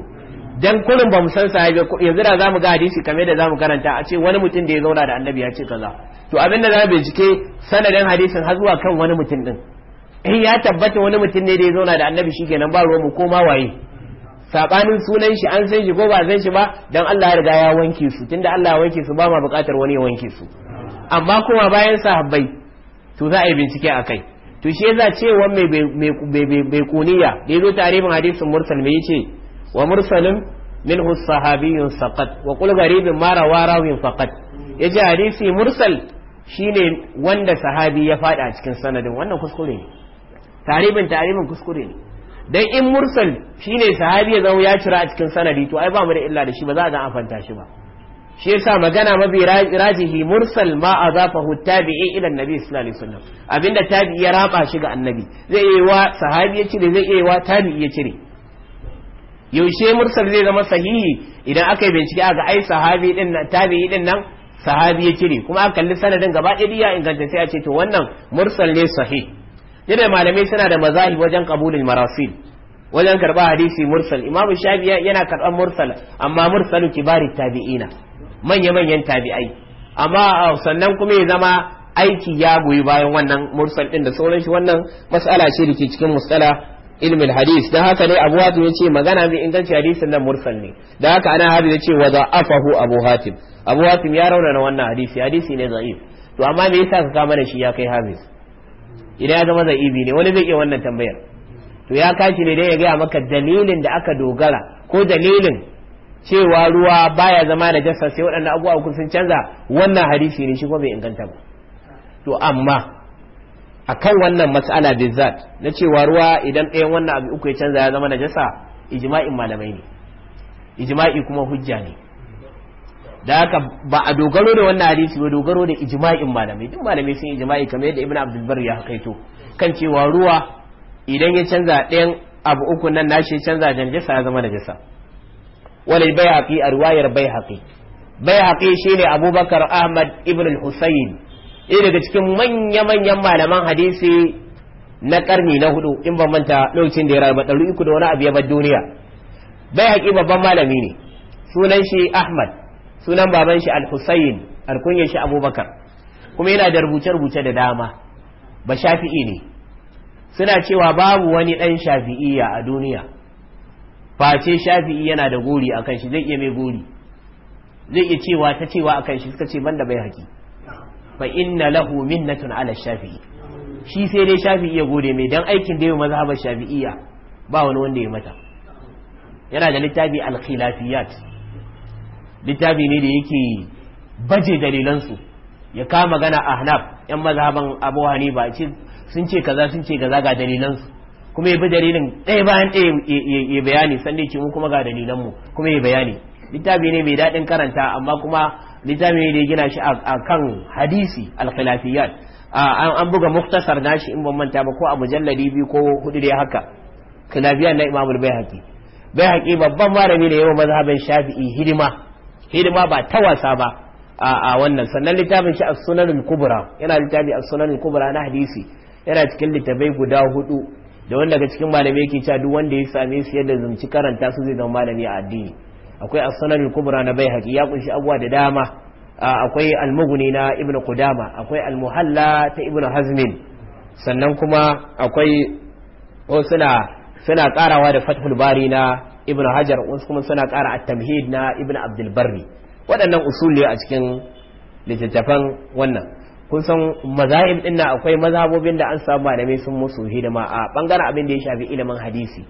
dan kullum ba mu san sahabi yanzu da zamu ga hadisi kamar da zamu karanta a ce wani mutum da ya zauna da annabi ya ce kaza to abin da za bincike sanadin hadisin har zuwa kan wani mutum din in eh, ya tabbata wani mutum ne da ya zauna da annabi shi kenan ba mu ko ma waye sabanin sunan shi an san shi ko ba san shi ba dan Allah ya riga ya wanke su tunda Allah ya wanke su ba ma bukatar wani ya wanke su amma kuma bayan sahabbai to za a yi bincike a kai to shi yasa cewa mai mai kuniya da yazo tarihin hadisin mursal me yace wa mursalin min sahabiyyun saqat wa qul gharibin ma rawa rawin faqat yace hadisi mursal shine wanda sahabi ya fada a cikin sanadin wannan kuskure ne taribin taribin kuskure ne dan in mursal shine sahabi ya zama ya cira a cikin sanadi to ai ba mu da illa da shi ba za a ga amfanta shi ba shi yasa magana mafi rajihi mursal ma a zafahu tabi'i ila nabi sallallahu alaihi wasallam abinda tabi'i ya raba shi ga annabi zai iya wa sahabi ya cire zai iya wa tabi'i ya cire yaushe mursal zai zama sahihi idan aka yi bincike aka ai sahabi din nan tabi'i din nan sahabi ya cire kuma aka kalli sanadin gaba ɗaya ya inganta sai a ce to wannan mursal ne sahih yadda malamai suna da mazahi wajen qabulul marasil wajen karba hadisi mursal imamu shafi yana karɓar mursal amma mursalu kibari tabi'ina manya manyan tabi'ai amma sannan kuma ya zama aiki ya goyi bayan wannan mursal din da sauran shi wannan mas'ala ce da ke cikin musala ilmin hadis da haka ne abu hatim ya ce magana mai inganci hadisin nan mursal ne da haka ana habi ya ce wa afahu abu hatim abu hatim ya raunana wannan hadisi hadisi ne za'if to amma me yasa ka kama da shi ya kai hadis idan ya zama za'ibi ne wani zai iya wannan tambayar to ya kashi ne dai ya gaya maka dalilin da aka dogara ko dalilin cewa ruwa baya zama da jassa sai waɗannan abubuwa sun canza wannan hadisi ne shi kuma bai inganta ba to amma akan wannan matsala bizzat na cewa ruwa idan ɗayan wannan abu uku ya canza ya zama najasa ijma'in malamai ne ijma'i kuma hujja ne da haka ba a dogaro da wannan hadisi ba dogaro da ijma'in malamai duk malamai sun ijma'i kamar yadda ibnu abdul bar ya kaito kan cewa ruwa idan ya canza ɗayan abu uku nan nashi ya canza da najasa ya zama najasa wala bai haqi a riwayar bai haqi bai haqi shine abubakar ahmad ibn al-husayn ɗaya daga cikin manya-manyan malaman hadisi na ƙarni na hudu in ban manta lokacin da ya rarraba ɗari uku da wani abu ya bar duniya bai haƙi babban malami ne sunan shi ahmad sunan baban shi al-husayn alkunyar shi abubakar kuma yana da rubuce-rubuce da dama ba shafi'i ne suna cewa babu wani ɗan shafi'iya a duniya face shafi'i yana da gori akan shi zai iya mai gori zai iya cewa ta cewa akan shi suka ce banda bai haƙi fa inna lahu minnatun ala shafi'i shi sai dai shafi'i ya gode mai dan aikin da ya mazhabar shafi'iyya ba wani wanda ya mata yana da littafi al-khilafiyat littafi ne da yake baje dalilansu ya kama gana ahnaf yan mazhaban abu hanifa ce sun ce kaza sun ce kaza ga dalilansu kuma ya bi dalilin ɗaya bayan ɗaya ya bayani sannan ce mu kuma ga dalilan mu kuma ya bayani littafi ne mai daɗin karanta amma kuma littafin da ya gina shi a kan hadisi alkhilafiyat an buga muktasar nashi in ban manta ba ko a mujalladi biyu ko hudu dai haka khilafiyat na imamul bayhaqi bayhaqi babban malami ne yawa mazhabin shafi'i hidima hidima ba ta wasa ba a wannan sannan littafin shi as-sunanul kubra yana littafi as-sunanul kubra na hadisi yana cikin littafai guda hudu da wanda daga cikin malamai yake cewa duk wanda ya same su yadda zumci karanta su zai zama malami a addini akwai as-sunan kubra na baihaqi ya kunshi abuwa da dama akwai al na ibn qudama akwai al-muhalla ta ibn hazmin sannan kuma akwai suna suna karawa da fathul bari na ibn hajar wasu kuma suna kara at-tamhid na ibn abdul barri waɗannan usuli a cikin littattafan wannan kun san mazahib dinna akwai mazhabobin da an samu malamai sun musu hidima a bangaren abin da ya shafi ilimin hadisi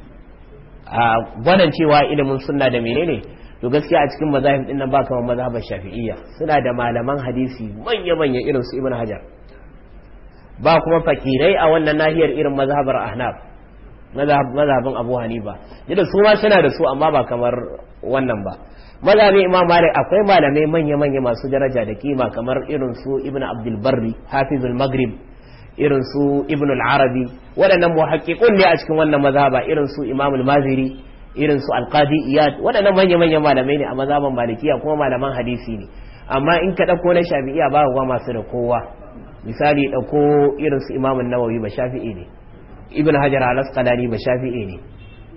gwanan cewa ilimin sunna da menene to gaskiya a cikin mazahib din nan ba kamar mazhabar shafi'iyya suna da malaman hadisi manya manya irin su ibn hajar ba kuma fakirai a wannan nahiyar irin mazhabar ahnaf mazhabin abu hanifa yadda su ma suna da su amma ba kamar wannan ba mazhabin imam malik akwai malamai manya manya masu daraja da kima kamar irin su ibn abdul barri hafizul maghrib irin su ibn al-arabi waɗannan muhaqqiqun ne a cikin wannan mazhaba irin su imam al-maziri irin su al-qadi iyad waɗannan manya-manyan malamai ne a mazhaban malikiya kuma malaman hadisi ne amma in ka dauko na shafi'iya ba ga masu da kowa misali dauko irin su imam an-nawawi ba shafi'i ne ibn hajar al-asqalani ba shafi'i ne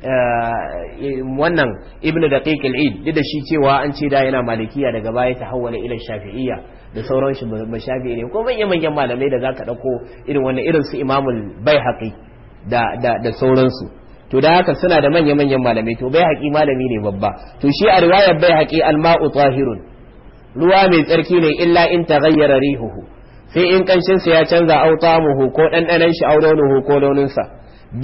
eh, wannan ibn daqiq al-eid duk da shi cewa an ce da yana malikiya daga baya ta hawwala ila shafi'iya. da sauran shi ba shafi ne ko manyan manyan malamai da zaka dauko irin wannan irin su imamul baihaqi da da sauransu to da haka suna da manyan manyan malamai to baihaqi malami ne babba to shi a riwayar baihaqi alma'u tahirun ruwa mai tsarki ne illa in ta taghayyara rihuhu sai in kanshin sa ya canza au tamuhu ko ɗanɗanan shi aurenuhu ko launin sa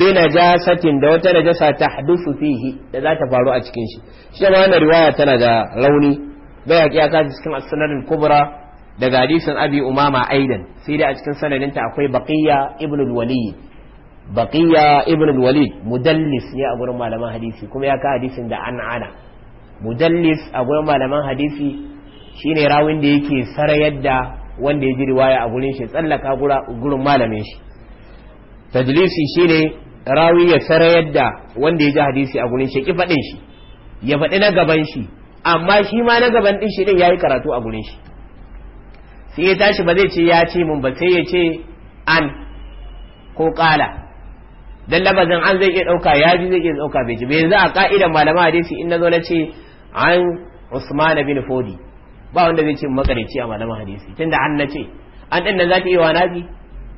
bi najasatin da wata najasa ta hadusu fihi da za ta faru a cikin shi shi ma wannan riwaya tana da rauni baihaqi ya kaji cikin as-sunan al-kubra daga hadisin abi umama aidan sai dai a cikin sanadinta akwai baqiya ibn al-walid baqiya ibn al-walid mudallis ne a gurin malaman hadisi kuma ya ka hadisin da an ana mudallis a gurin malaman hadisi shine rawin da yake sarayar da wanda ya ji riwaya a gurin shi tsallaka gurin malamin shi tajlisi shine rawi ya sarayar da wanda ya ji hadisi a gurin shi kifadin shi ya faɗi na gaban shi amma shi ma na gaban ɗin shi din ya karatu a gurin shi sai ya tashi ba zai ce ya ce mun ba sai ya ce an ko kala dan labazin an zai iya dauka ya ji zai iya dauka bai ji bai yanzu a ka'idan malama hadisi in nazo na ce an Usman bin Fodi ba wanda zai ce makarici a malama hadisi tunda an na ce an din nan za ta yi wa nabi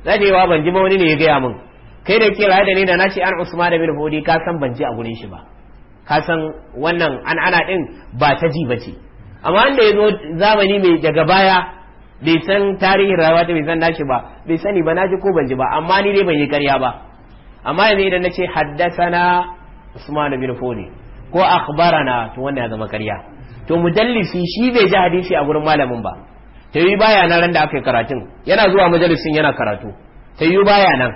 za ta yi wa ban ji ba wani ne ya gaya min kai da ke da ni da na ce an Usman bin Fodi ka san ban ji a gurin shi ba ka san wannan an ana din ba ta ji ba ce amma wanda ya zo zamani mai daga baya bai san tarihin rayuwa ta bai san nashi ba bai sani ba naji ko ban ji ba amma ni dai ban yi karya ba amma yanzu idan nace na Usman bin Fodi ko akhbarana to wannan ya zama karya to mujallisi shi bai ji hadisi a gurin malamin ba ta yi baya nan ran da aka yi karatun yana zuwa majalisin yana karatu ta yi baya nan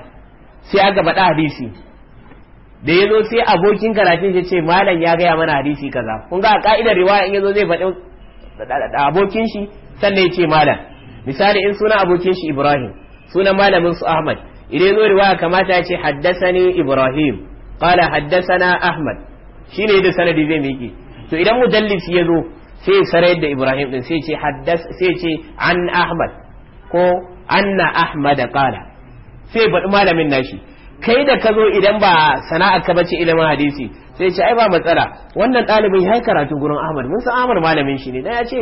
sai aka faɗa hadisi da ya sai abokin karatun ya ce malam ya gaya mana hadisi kaza kun ga a ka'idar riwaya in ya zo zai faɗi abokin shi sannan ya ce malam misali in suna abokin shi Ibrahim sunan malamin su Ahmad idan zo riwaya kamata ya ce haddasani Ibrahim qala haddasana Ahmad shine da sanadi zai miki to idan mudallisi ya zo sai sarayar da Ibrahim din sai ce haddas sai ce an Ahmad ko anna Ahmad qala sai baɗi malamin nashi kai da ka zo idan ba sana'a ka bace ilimin hadisi sai ce ai ba matsala wannan ɗalibin ya yi karatu gurin Ahmad mun san Ahmad malamin shi ne dan ya ce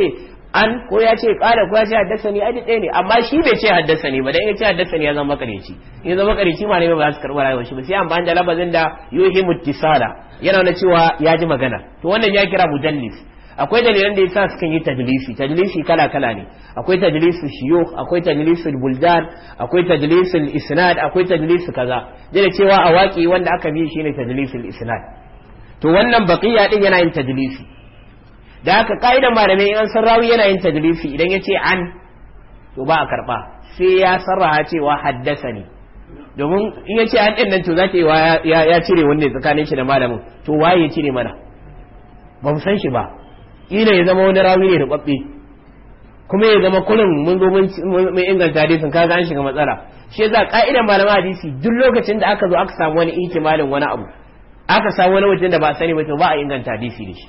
an ko ya ce kala ko ya ce haddasa ne aji ɗaya ne amma shi bai ce haddasa ne ba dan ya ce haddasa ne ya zama makarici in zama makarici ma ne ba za su karɓar rayuwar shi ba sai amfani da labarin da yohi mutisala yana na cewa ya ji magana to wannan ya kira mujallis akwai dalilan da yasa sukan yi tajlisi tajlisi kala kala ne akwai tajlisi shiyukh akwai tajlisi buldan akwai tajlisi isnad akwai tajlisi kaza da cewa a waki wanda aka bi ne tajlisi isnad to wannan baqiya din yana yin tajlisi da haka ka'idan malamai in an san rawi yana yin tadrifi idan ya ce an to ba a karba sai ya sarraha cewa haddasa ne domin in ya ce an ɗin nan to za ta yi ya cire wanda tsakanin shi da malamin to waye ya cire mana ba mu san shi ba ƙila ya zama wani rawi ne rubabbe kuma ya zama kullum mun zo mun inganta hadisin ga an shiga matsala shi yasa ka'idan malaman hadisi duk lokacin da aka zo aka samu wani malamin wani abu aka samu wani wajen da ba a sani ba to ba a inganta hadisi da shi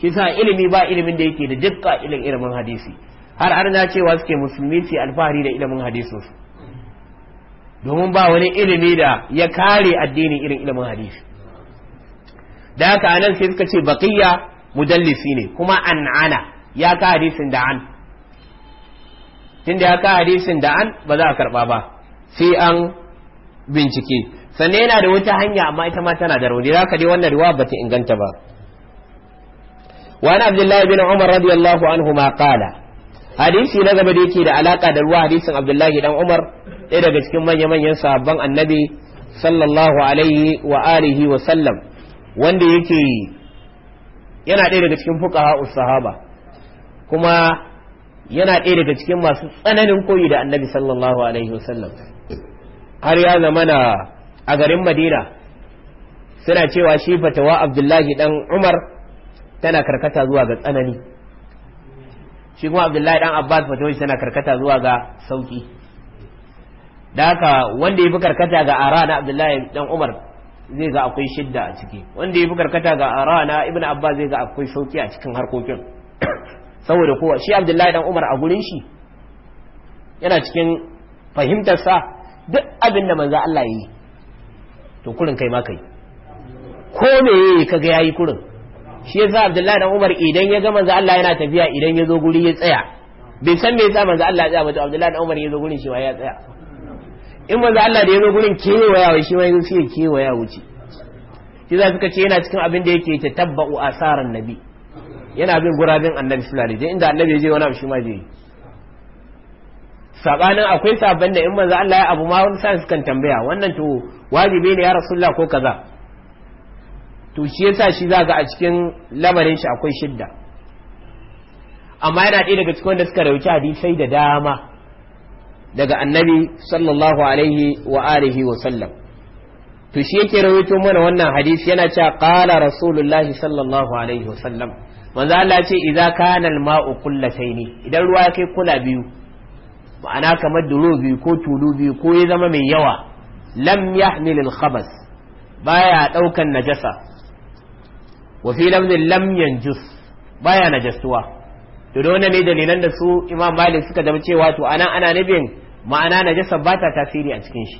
shi sa ilimi ba ilimin da yake da dukka ilin ilimin hadisi har har na cewa suke musulmi ce alfahari da ilimin hadisi su domin ba wani ilimi da ya kare addini irin ilimin hadisi da haka anan sai suka ce baqiya mudallisi ne kuma an'ana ya ka hadisin da an tunda ya ka hadisin da an ba za a karba ba sai an bincike sannan yana da wata hanya amma ita ma tana da rauni za ka dai wannan riwaya ba ta inganta ba وعن Abdullahi الله Umar عمر رضي الله عنهما قال hadisi na gaba da yake da alaka da ruwa hadisin abdullahi dan umar ɗaya daga cikin manya-manyan sahabban annabi sallallahu alaihi wa wa sallam wanda yake yana ɗaya daga cikin fuqaha sahaba kuma yana ɗaya daga cikin masu tsananin koyi da annabi sallallahu alaihi wa sallam har ya zamana a garin madina suna cewa shifatawa abdullahi dan umar tana karkata zuwa ga tsanani shi kuma abdullahi dan abbas fatawashi tana karkata zuwa ga sauki da haka wanda ya fi karkata ga ara na abdullahi dan umar zai ga akwai shidda a ciki wanda ya fi karkata ga ara na ibn abbas zai ga akwai sauki a cikin harkokin saboda kowa shi abdullahi dan umar a gurin shi yana cikin fahimtar sa duk abin da manzo Allah yi to kurin kai ma kai ko me ka kaga yayi kurin shi yasa abdullahi dan umar idan ya ga manzo Allah yana tafiya idan ya zo guri ya tsaya bai san me yasa manzo Allah ya tsaya ba to abdullahi dan umar ya zo gurin shi ma ya tsaya in manzo Allah da ya zo gurin kewaya shi ma ya sai kewaya wuce shi za suka ce yana cikin abin da yake ta tabba'u asaran nabi yana bin gurabin annabi sallallahu alaihi inda annabi ya je wani abu shi ma je sabanin akwai sabon da in manzo Allah ya abu ma wani sa suka tambaya wannan to wajibi ne ya rasulullah ko kaza to shi yasa shi za ga a cikin lamarin shi akwai shidda amma yana ɗaya daga cikin wanda suka rauci hadisai da dama daga annabi sallallahu alaihi wa alihi wa sallam to shi yake rawaito mana wannan hadisi yana cewa qala rasulullahi sallallahu alaihi wa sallam manzo Allah ce idza kana al-ma'u qullataini idan ruwa ya kai kula biyu ma'ana kamar duro biyu ko tulu biyu ko ya zama mai yawa lam yahmil al-khabas baya daukan najasa wa fi lafzin lam yanjus baya najastuwa to da ne dalilan da su imam malik suka zama cewa to anan ana nufin ma'ana jasa ba ta tasiri a cikin shi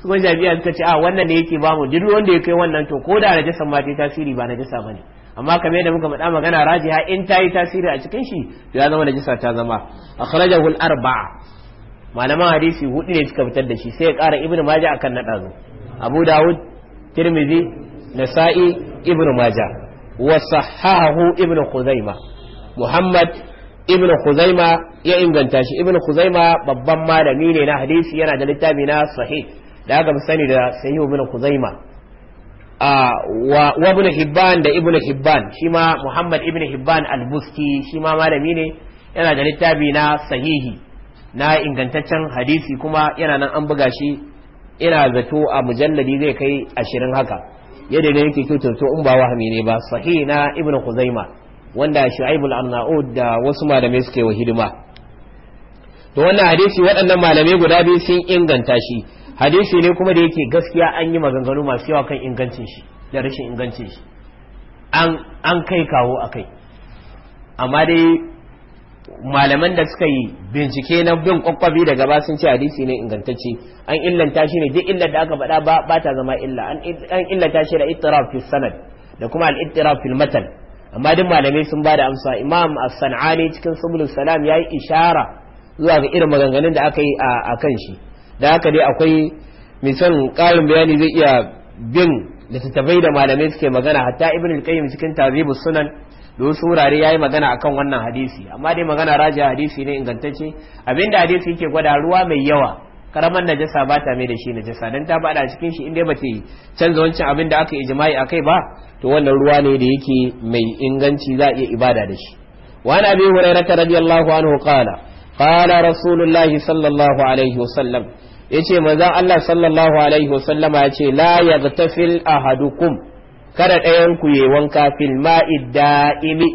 su kuma jami'a suka ce a ah, wannan ne yake bamu duk wanda ya kai wannan to ko da jasa ma ta tasiri ba najasa bane amma kamar yadda muka faɗa magana rajiha in ta yi tasiri a cikin shi to ya zama jasa ta zama akhrajahu al-arba'a malaman hadisi hudu ne suka fitar da shi sai ya kara ibnu majah akan na ɗazu abu dawud tirmidhi nasa'i ibnu majah وصححه ابن ibn محمد muhammad ibn يا ya inganta shi ibn babban malami ne na hadisi yana da littafi na sahih da aka sani da sahih ibn khuzaima wa ibn hibban da ibn hibban shi ma muhammad ibn hibban al-busti shi ma malami ne yana da littafi na sahihi na ingantaccen hadisi kuma yana nan an buga shi ina zato a mujalladi zai kai ashirin haka yadda ne yake kyautarto in ba wahami ne ba sahih na ibnu khuzaima wanda sha'ibul arnaud da wasu malamai suke wa hidima to wannan hadisi waɗannan malamai guda biyu sun inganta shi hadisi ne kuma da yake gaskiya an yi maganganu masu yawa kan ingancin shi da rashin ingancin shi an kai kawo akai amma dai malaman da suka yi bincike na bin kwakwabi daga ba sun ce hadisi ne ingantacce an illanta shi ne duk illar da aka faɗa ba ta zama illa an illanta shi da ittiraf fil sanad da kuma al ittiraf fil matan amma duk malamai sun ba da amsa imam as-sanani cikin subul salam yayi ishara zuwa ga irin maganganun da aka yi a kan shi da haka dai akwai misan ƙarin bayani zai iya bin littattafai da malamai suke magana hatta ibn al-qayyim cikin tazibus sunan da wurare ya yi magana a kan wannan hadisi amma dai magana raja hadisi ne ingantacce abinda hadisi yake gwada ruwa mai yawa karamar najasa ba ta mai da shi najasa don ta bada cikin shi inda ba ta canza wancan abin da aka jima'i a kai ba to wannan ruwa ne da yake mai inganci za a iya ibada da shi wana أبي هريرة raka radiyallahu عنه قال qala rasulullahi sallallahu alaihi wasallam yace manzon Allah sallallahu alaihi wasallama yace la yaghtasil ahadukum kada ɗayan ku yi wanka fil ma'i da'imi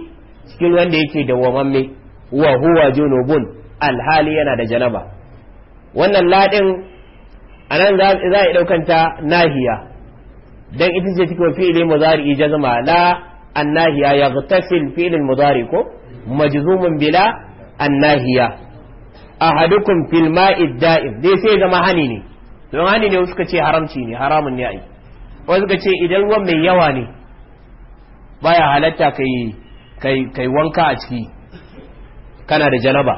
cikin wanda yake dawwamamme wa huwa junubun alhali yana da janaba wannan ladin anan za a yi daukanta nahiya dan ita ce cikin fi'ili mudari jazma la annahiya yaghtasil fi'il muzari ko majzumun bila annahiya ahadukum fil ma'i da'im dai sai zama hani ne don hani ne suka ce haramci ne haramun ne ai wasu suka ce idan ruwan mai yawa ne baya halatta kai kai wanka a ciki kana da janaba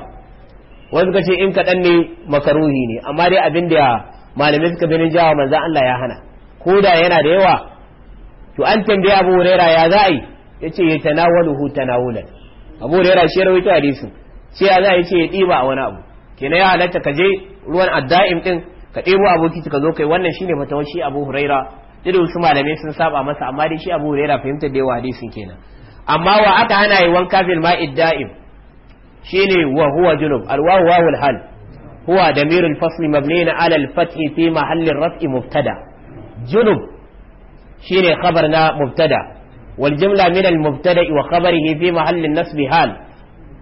wasu suka ce in kaɗan ne makaruhi ne amma dai abin da malamai suka binin jawa manzan Allah ya hana ko da yana da yawa to an tambaye abu huraira ya za a yi ya ce ya tanawaluhu tanawulan abu huraira shi ta hadisu ce ya za a yi ce ya ɗiba a wani abu kenan ya halatta ka je ruwan adda'im din ka ɗebo aboki ka zo kai wannan shine fatawar shi abu huraira irin wasu malamai sun saba masa amma dai shi abu huraira fahimtar da yawa hadisin kenan amma wa aka hana yi wanka fil ma'id da'im shine wa huwa junub alwahu wawul hal huwa damirul fasli mabniyin ala al fi mahalli raf'i mubtada junub shine khabar na mubtada wal jumla min al-mubtada wa khabarihi fi mahalli nasbi hal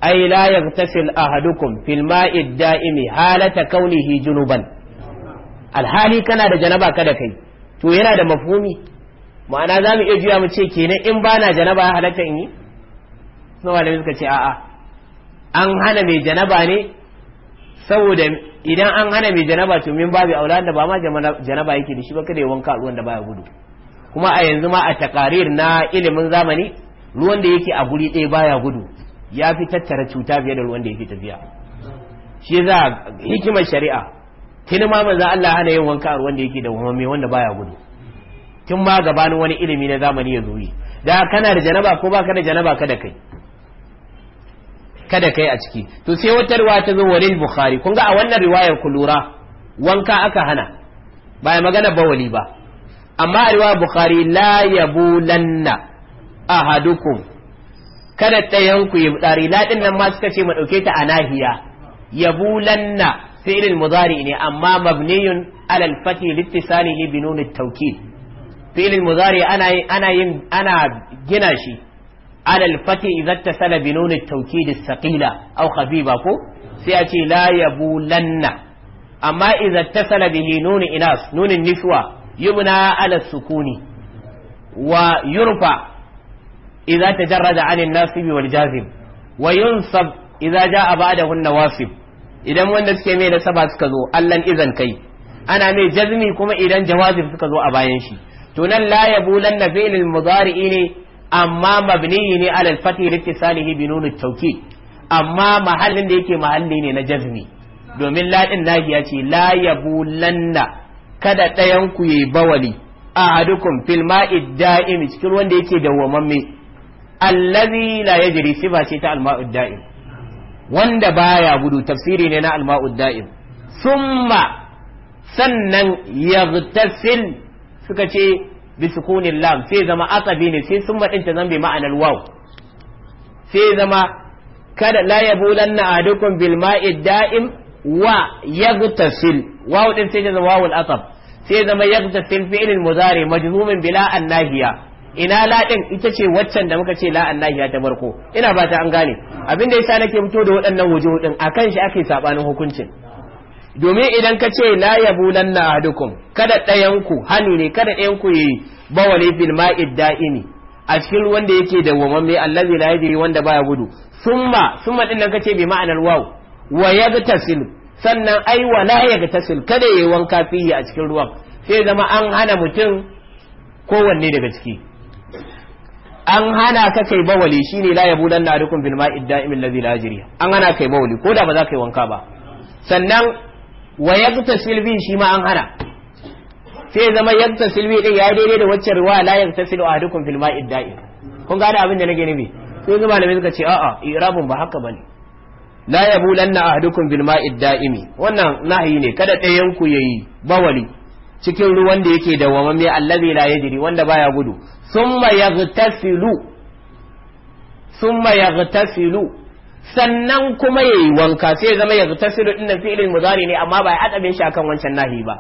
ay la yaghtasil ahadukum fil ma'id da'imi halata kaunihi junuban alhali kana da janaba kada kai to yana da mafhumi ma'ana za mu iya juya mu ce kenan in ba na janaba ya halatta in yi suna da suka ce a'a an hana mai janaba ne saboda idan an hana mai janaba to min babu aula da ba ma janaba yake da shi ba kada ya wanka ruwan da baya gudu kuma a yanzu ma a takarir na ilimin zamani ruwan da yake a guri ɗaya baya gudu ya fi tattara cuta fiye da ruwan da fi tafiya shi za hikimar shari'a tun ma manzo Allah hana yin wanka a ruwan da yake da wahame wanda baya gudu tun ma gabanin wani ilimi na zamani ya zo da kana da janaba ko ka da janaba kada kai kada kai a ciki to sai wata riwaya ta zo warin bukhari kun ga a wannan riwayar ku lura wanka aka hana ba magana bawali ba amma a riwayar bukhari la yabulanna ahadukum kada ɗayan ku yi tsari la nan ma suka ce mu ɗauke ta a nahiya yabulanna fi'il mudari ne amma mabniyun alal fathi littisalihi bi nun at-tawkid fi'il ana gina shi alal fathi idza tasala bi nun at-tawkid as-saqila aw ko sai a ce la yabulanna amma idza tasala bihi nun inas nun niswa yubna ala sukuni wa yurfa idza tajarrada 'ala an-nasib wal jazim wa yunsab idza jaa idan wanda suke mai saba suka zo allan izan kai ana mai jazmi kuma idan jawazi suka zo a bayan shi to nan la yabulan na fi'il mudari'i ne amma mabnii ne alal fati salihi bi nunu tawkid amma mahallin da yake mahalli ne na jazmi domin laɗin ya ce la lanna kada ɗayan ku yi bawali ahadukum fil ma'i da'im cikin wanda yake dawwamamme allazi la yajri sifa ce ta al maid da'im wanda baya gudu tafsiri ne na alma'ud da'im summa sannan yaghtasil suka ce bi sukunin lam sai zama asabi ne sai summa din ta zambe ma'anar waw sai zama kada la yabulanna adukum bil ma'i da'im wa yaghtasil waw din sai zama wawul asab sai zama yaghtasil fi'il mudari majzumin bila annahiya ina laɗin ita ce waccan da muka ce la Allah ta barko ina ba ta an gane abin da yasa nake fito da waɗannan wujuhu din akan shi ake sabanin hukuncin domin idan ka ce la yabulan na ahadukum kada ɗayan ku hani ne kada ɗayan ku yi bawali bil ma'id da'ini a cikin wanda yake da wamamme allazi la yajri wanda baya gudu summa summa din nan kace bi ma'anar waw wa yagtasil sannan ai wa la yagtasil kada yayi wanka fiye a cikin ruwan sai zama an hana mutum kowanne daga ciki an hana ka kai bawali shine la yabudan na rukun bil ma'i da'im alladhi la yajri an hana kai bawali ko da ba za ka yi wanka ba sannan wa yaghtasil bi shi ma an hana sai zama yaghtasil bi din ya daidai da wacce ruwa la yaghtasil ahadukum bil ma'i da'im kun gane abin da nake nufi sai ga malamai suka ce a'a irabun ba haka bane la yabulanna ahadukum bil ma'i da'imi wannan nahi ne kada ɗayan ku yayi bawali cikin ruwan da yake dawwamamme allazi la yajri wanda baya gudu thumma yaghtasilu thumma yaghtasilu sannan kuma yayi wanka sai zama yaghtasilu din fi'lin mudari ne amma ba ya adabin shi akan wancan nahi ba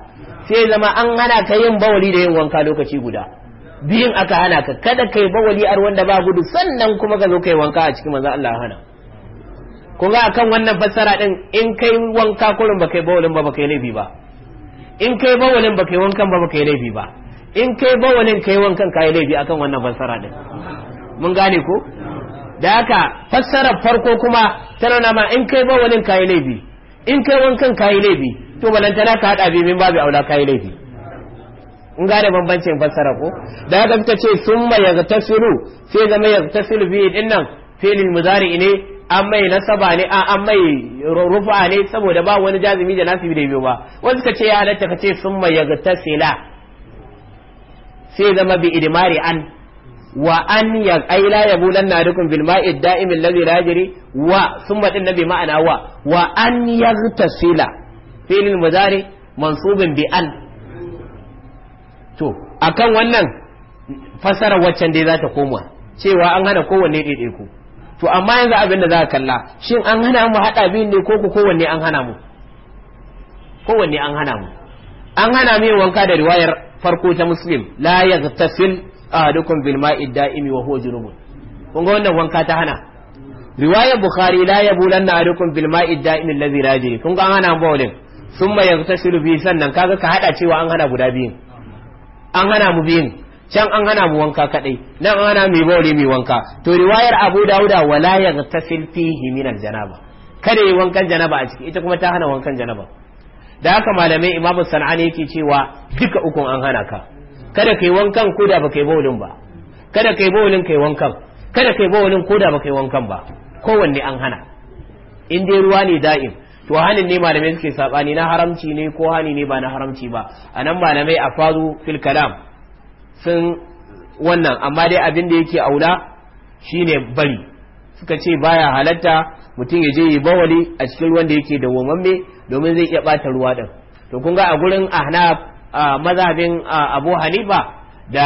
sai zama an hana ka yin bawali da yin wanka lokaci guda biyun aka hana ka kada kai bawali ar wanda ba gudu sannan kuma ka zo kai wanka a cikin manzon Allah hana kun ga akan wannan fassara din in kai wanka kurin ba kai bawalin ba ba kai laifi ba in kai bawalin ba yi wankan ba baka yi laifi ba in kai bawalin kai wankan kai laifi akan wannan fassara din mun gane ko da haka fassarar farko kuma tana nama in kai bawalin kai laifi in kai wankan kai laifi to balantana ka haɗa bi min babu aula kai laifi in gane bambancin fassara ko da haka ta ce summa yaghtasilu sai zama yaghtasilu bi dinnan fi'il mudari ne an mai nasaba ne a an mai rufa ne saboda ba wani jazumi da nasibi da biyu ba wanda suka ce ya halatta ka ce sun mai sila. sai zama bi idimari an wa an ya aila ya bulan na dukun bilma idda imin alladhi la yajri wa summa na bi ma'ana wa wa an filin filin mazari mansubin bi an to akan wannan fasara waccan dai za ta koma cewa an hana kowanne ɗaiɗaiku to amma yanzu abin da za ka kalla shin an hana mu haɗa biyun ne ko ku kowanne an hana mu kowanne an hana mu an hana mu yin wanka da riwayar farko ta muslim la yaghtasil ahadukum bil ma'i da'imi wa huwa junub kun ga wannan wanka ta hana riwayar bukhari la yabulanna ahadukum bil ma'i da'imi allazi la kun ga an hana mu bawlin summa yaghtasilu bi sannan kaga ka hada cewa an hana guda biyun an hana mu biyun can an hana mu wanka kadai nan an hana mai bauli mai wanka to riwayar Abu dauda wala yaghtasil fihi min al-janaba kada yi wankan janaba a ciki ita kuma ta hana wankan janaba da haka malamai Imam Sanani yake cewa duka ukun an hana ka kada kai wankan ko da baka yi bawulin ba kada kai bawulin kai wankan kada kai bawulin ko da baka yi wankan ba kowanne an hana in dai ruwa ne da'im to hanin ne malamai suke sabani na haramci ne ko hani ne ba na haramci ba anan malamai afazu fil kalam sun wannan amma dai abin da yake aula shine bari suka ce baya halatta mutum ya je yi bawali a cikin ruwan da yake da womamme domin zai iya bata ruwa din to kun ga a gurin ahnaf mazhabin abu hanifa da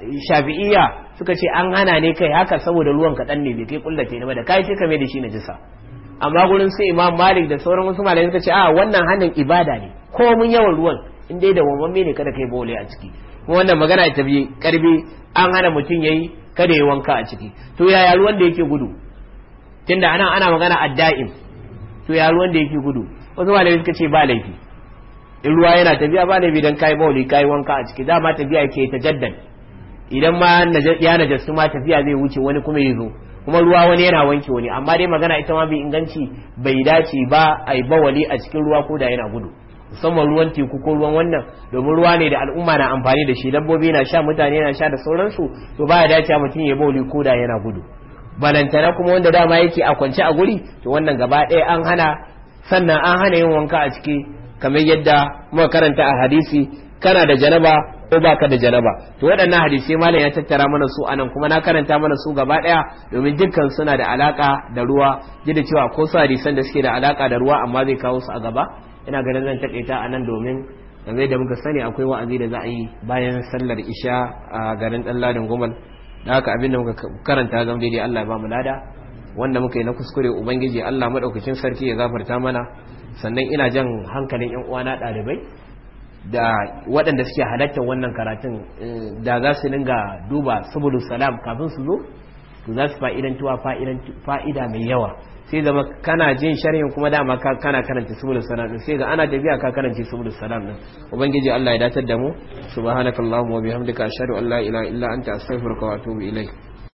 shafi'iyya suka ce an hana ne kai haka saboda ruwan kaɗan ne bai kai kullace ne ba da kai kame da shi na jisa amma gurin su imam malik da sauran wasu malamai suka ce a wannan hannun ibada ne ko mun yawan ruwan in dai da womamme ne kada kai bawali a ciki Kuma wannan magana ta biye karbi an hana mutum yayi kada ya wanka a ciki to yaya ruwan wanda yake gudu tunda anan ana magana adda'im to ya ruwan da yake gudu wasu malami suka ce ba laifi in ruwa yana tafiya ba laifi dan kai mauli kai wanka a ciki dama tafiya yake ta jaddan idan ma ya najasu ma tafiya zai wuce wani kuma ya zo kuma ruwa wani yana wanke wani amma dai magana ita ma bai inganci bai dace ba a yi bawali a cikin ruwa ko da yana gudu musamman ruwan teku ko ruwan wannan domin ruwa ne da al'umma na amfani da shi dabbobi na sha mutane na sha da sauransu to baya dace mutum ya bauli ko da yana gudu balantana kuma wanda dama yake a kwance a guri to wannan gaba ɗaya an hana sannan an hana yin wanka a ciki kamar yadda muka karanta a hadisi kana da janaba ko baka da janaba to waɗannan hadisi malam ya tattara mana su anan kuma na karanta mana su gaba ɗaya domin dukkan suna da alaka da ruwa ji da cewa ko su hadisan da suke da alaka da ruwa amma zai kawo su a gaba ina ganin zan takaita a nan domin yanzu da muka sani akwai wa'azi da za a yi bayan sallar isha a garin dan ladan gomal da haka abinda muka karanta zan daidai Allah ya ba mu lada wanda muka yi na kuskure ubangiji Allah maɗaukacin sarki ya gafarta mana sannan ina jan hankalin yan uwana ɗalibai da waɗanda suke halartar wannan karatun eh, da za su dinga duba subulu salam kafin su zo to za su fa'idantuwa fa'ida mai yawa sai zama kana jin sharhin kuma dama ka kana karanta subul salam din sai ga ana tafiya ka karanta subul salam din ubangiji Allah ya datar da mu subhanakallahumma wa bihamdika ashhadu an la ilaha illa anta astaghfiruka wa atubu ilaik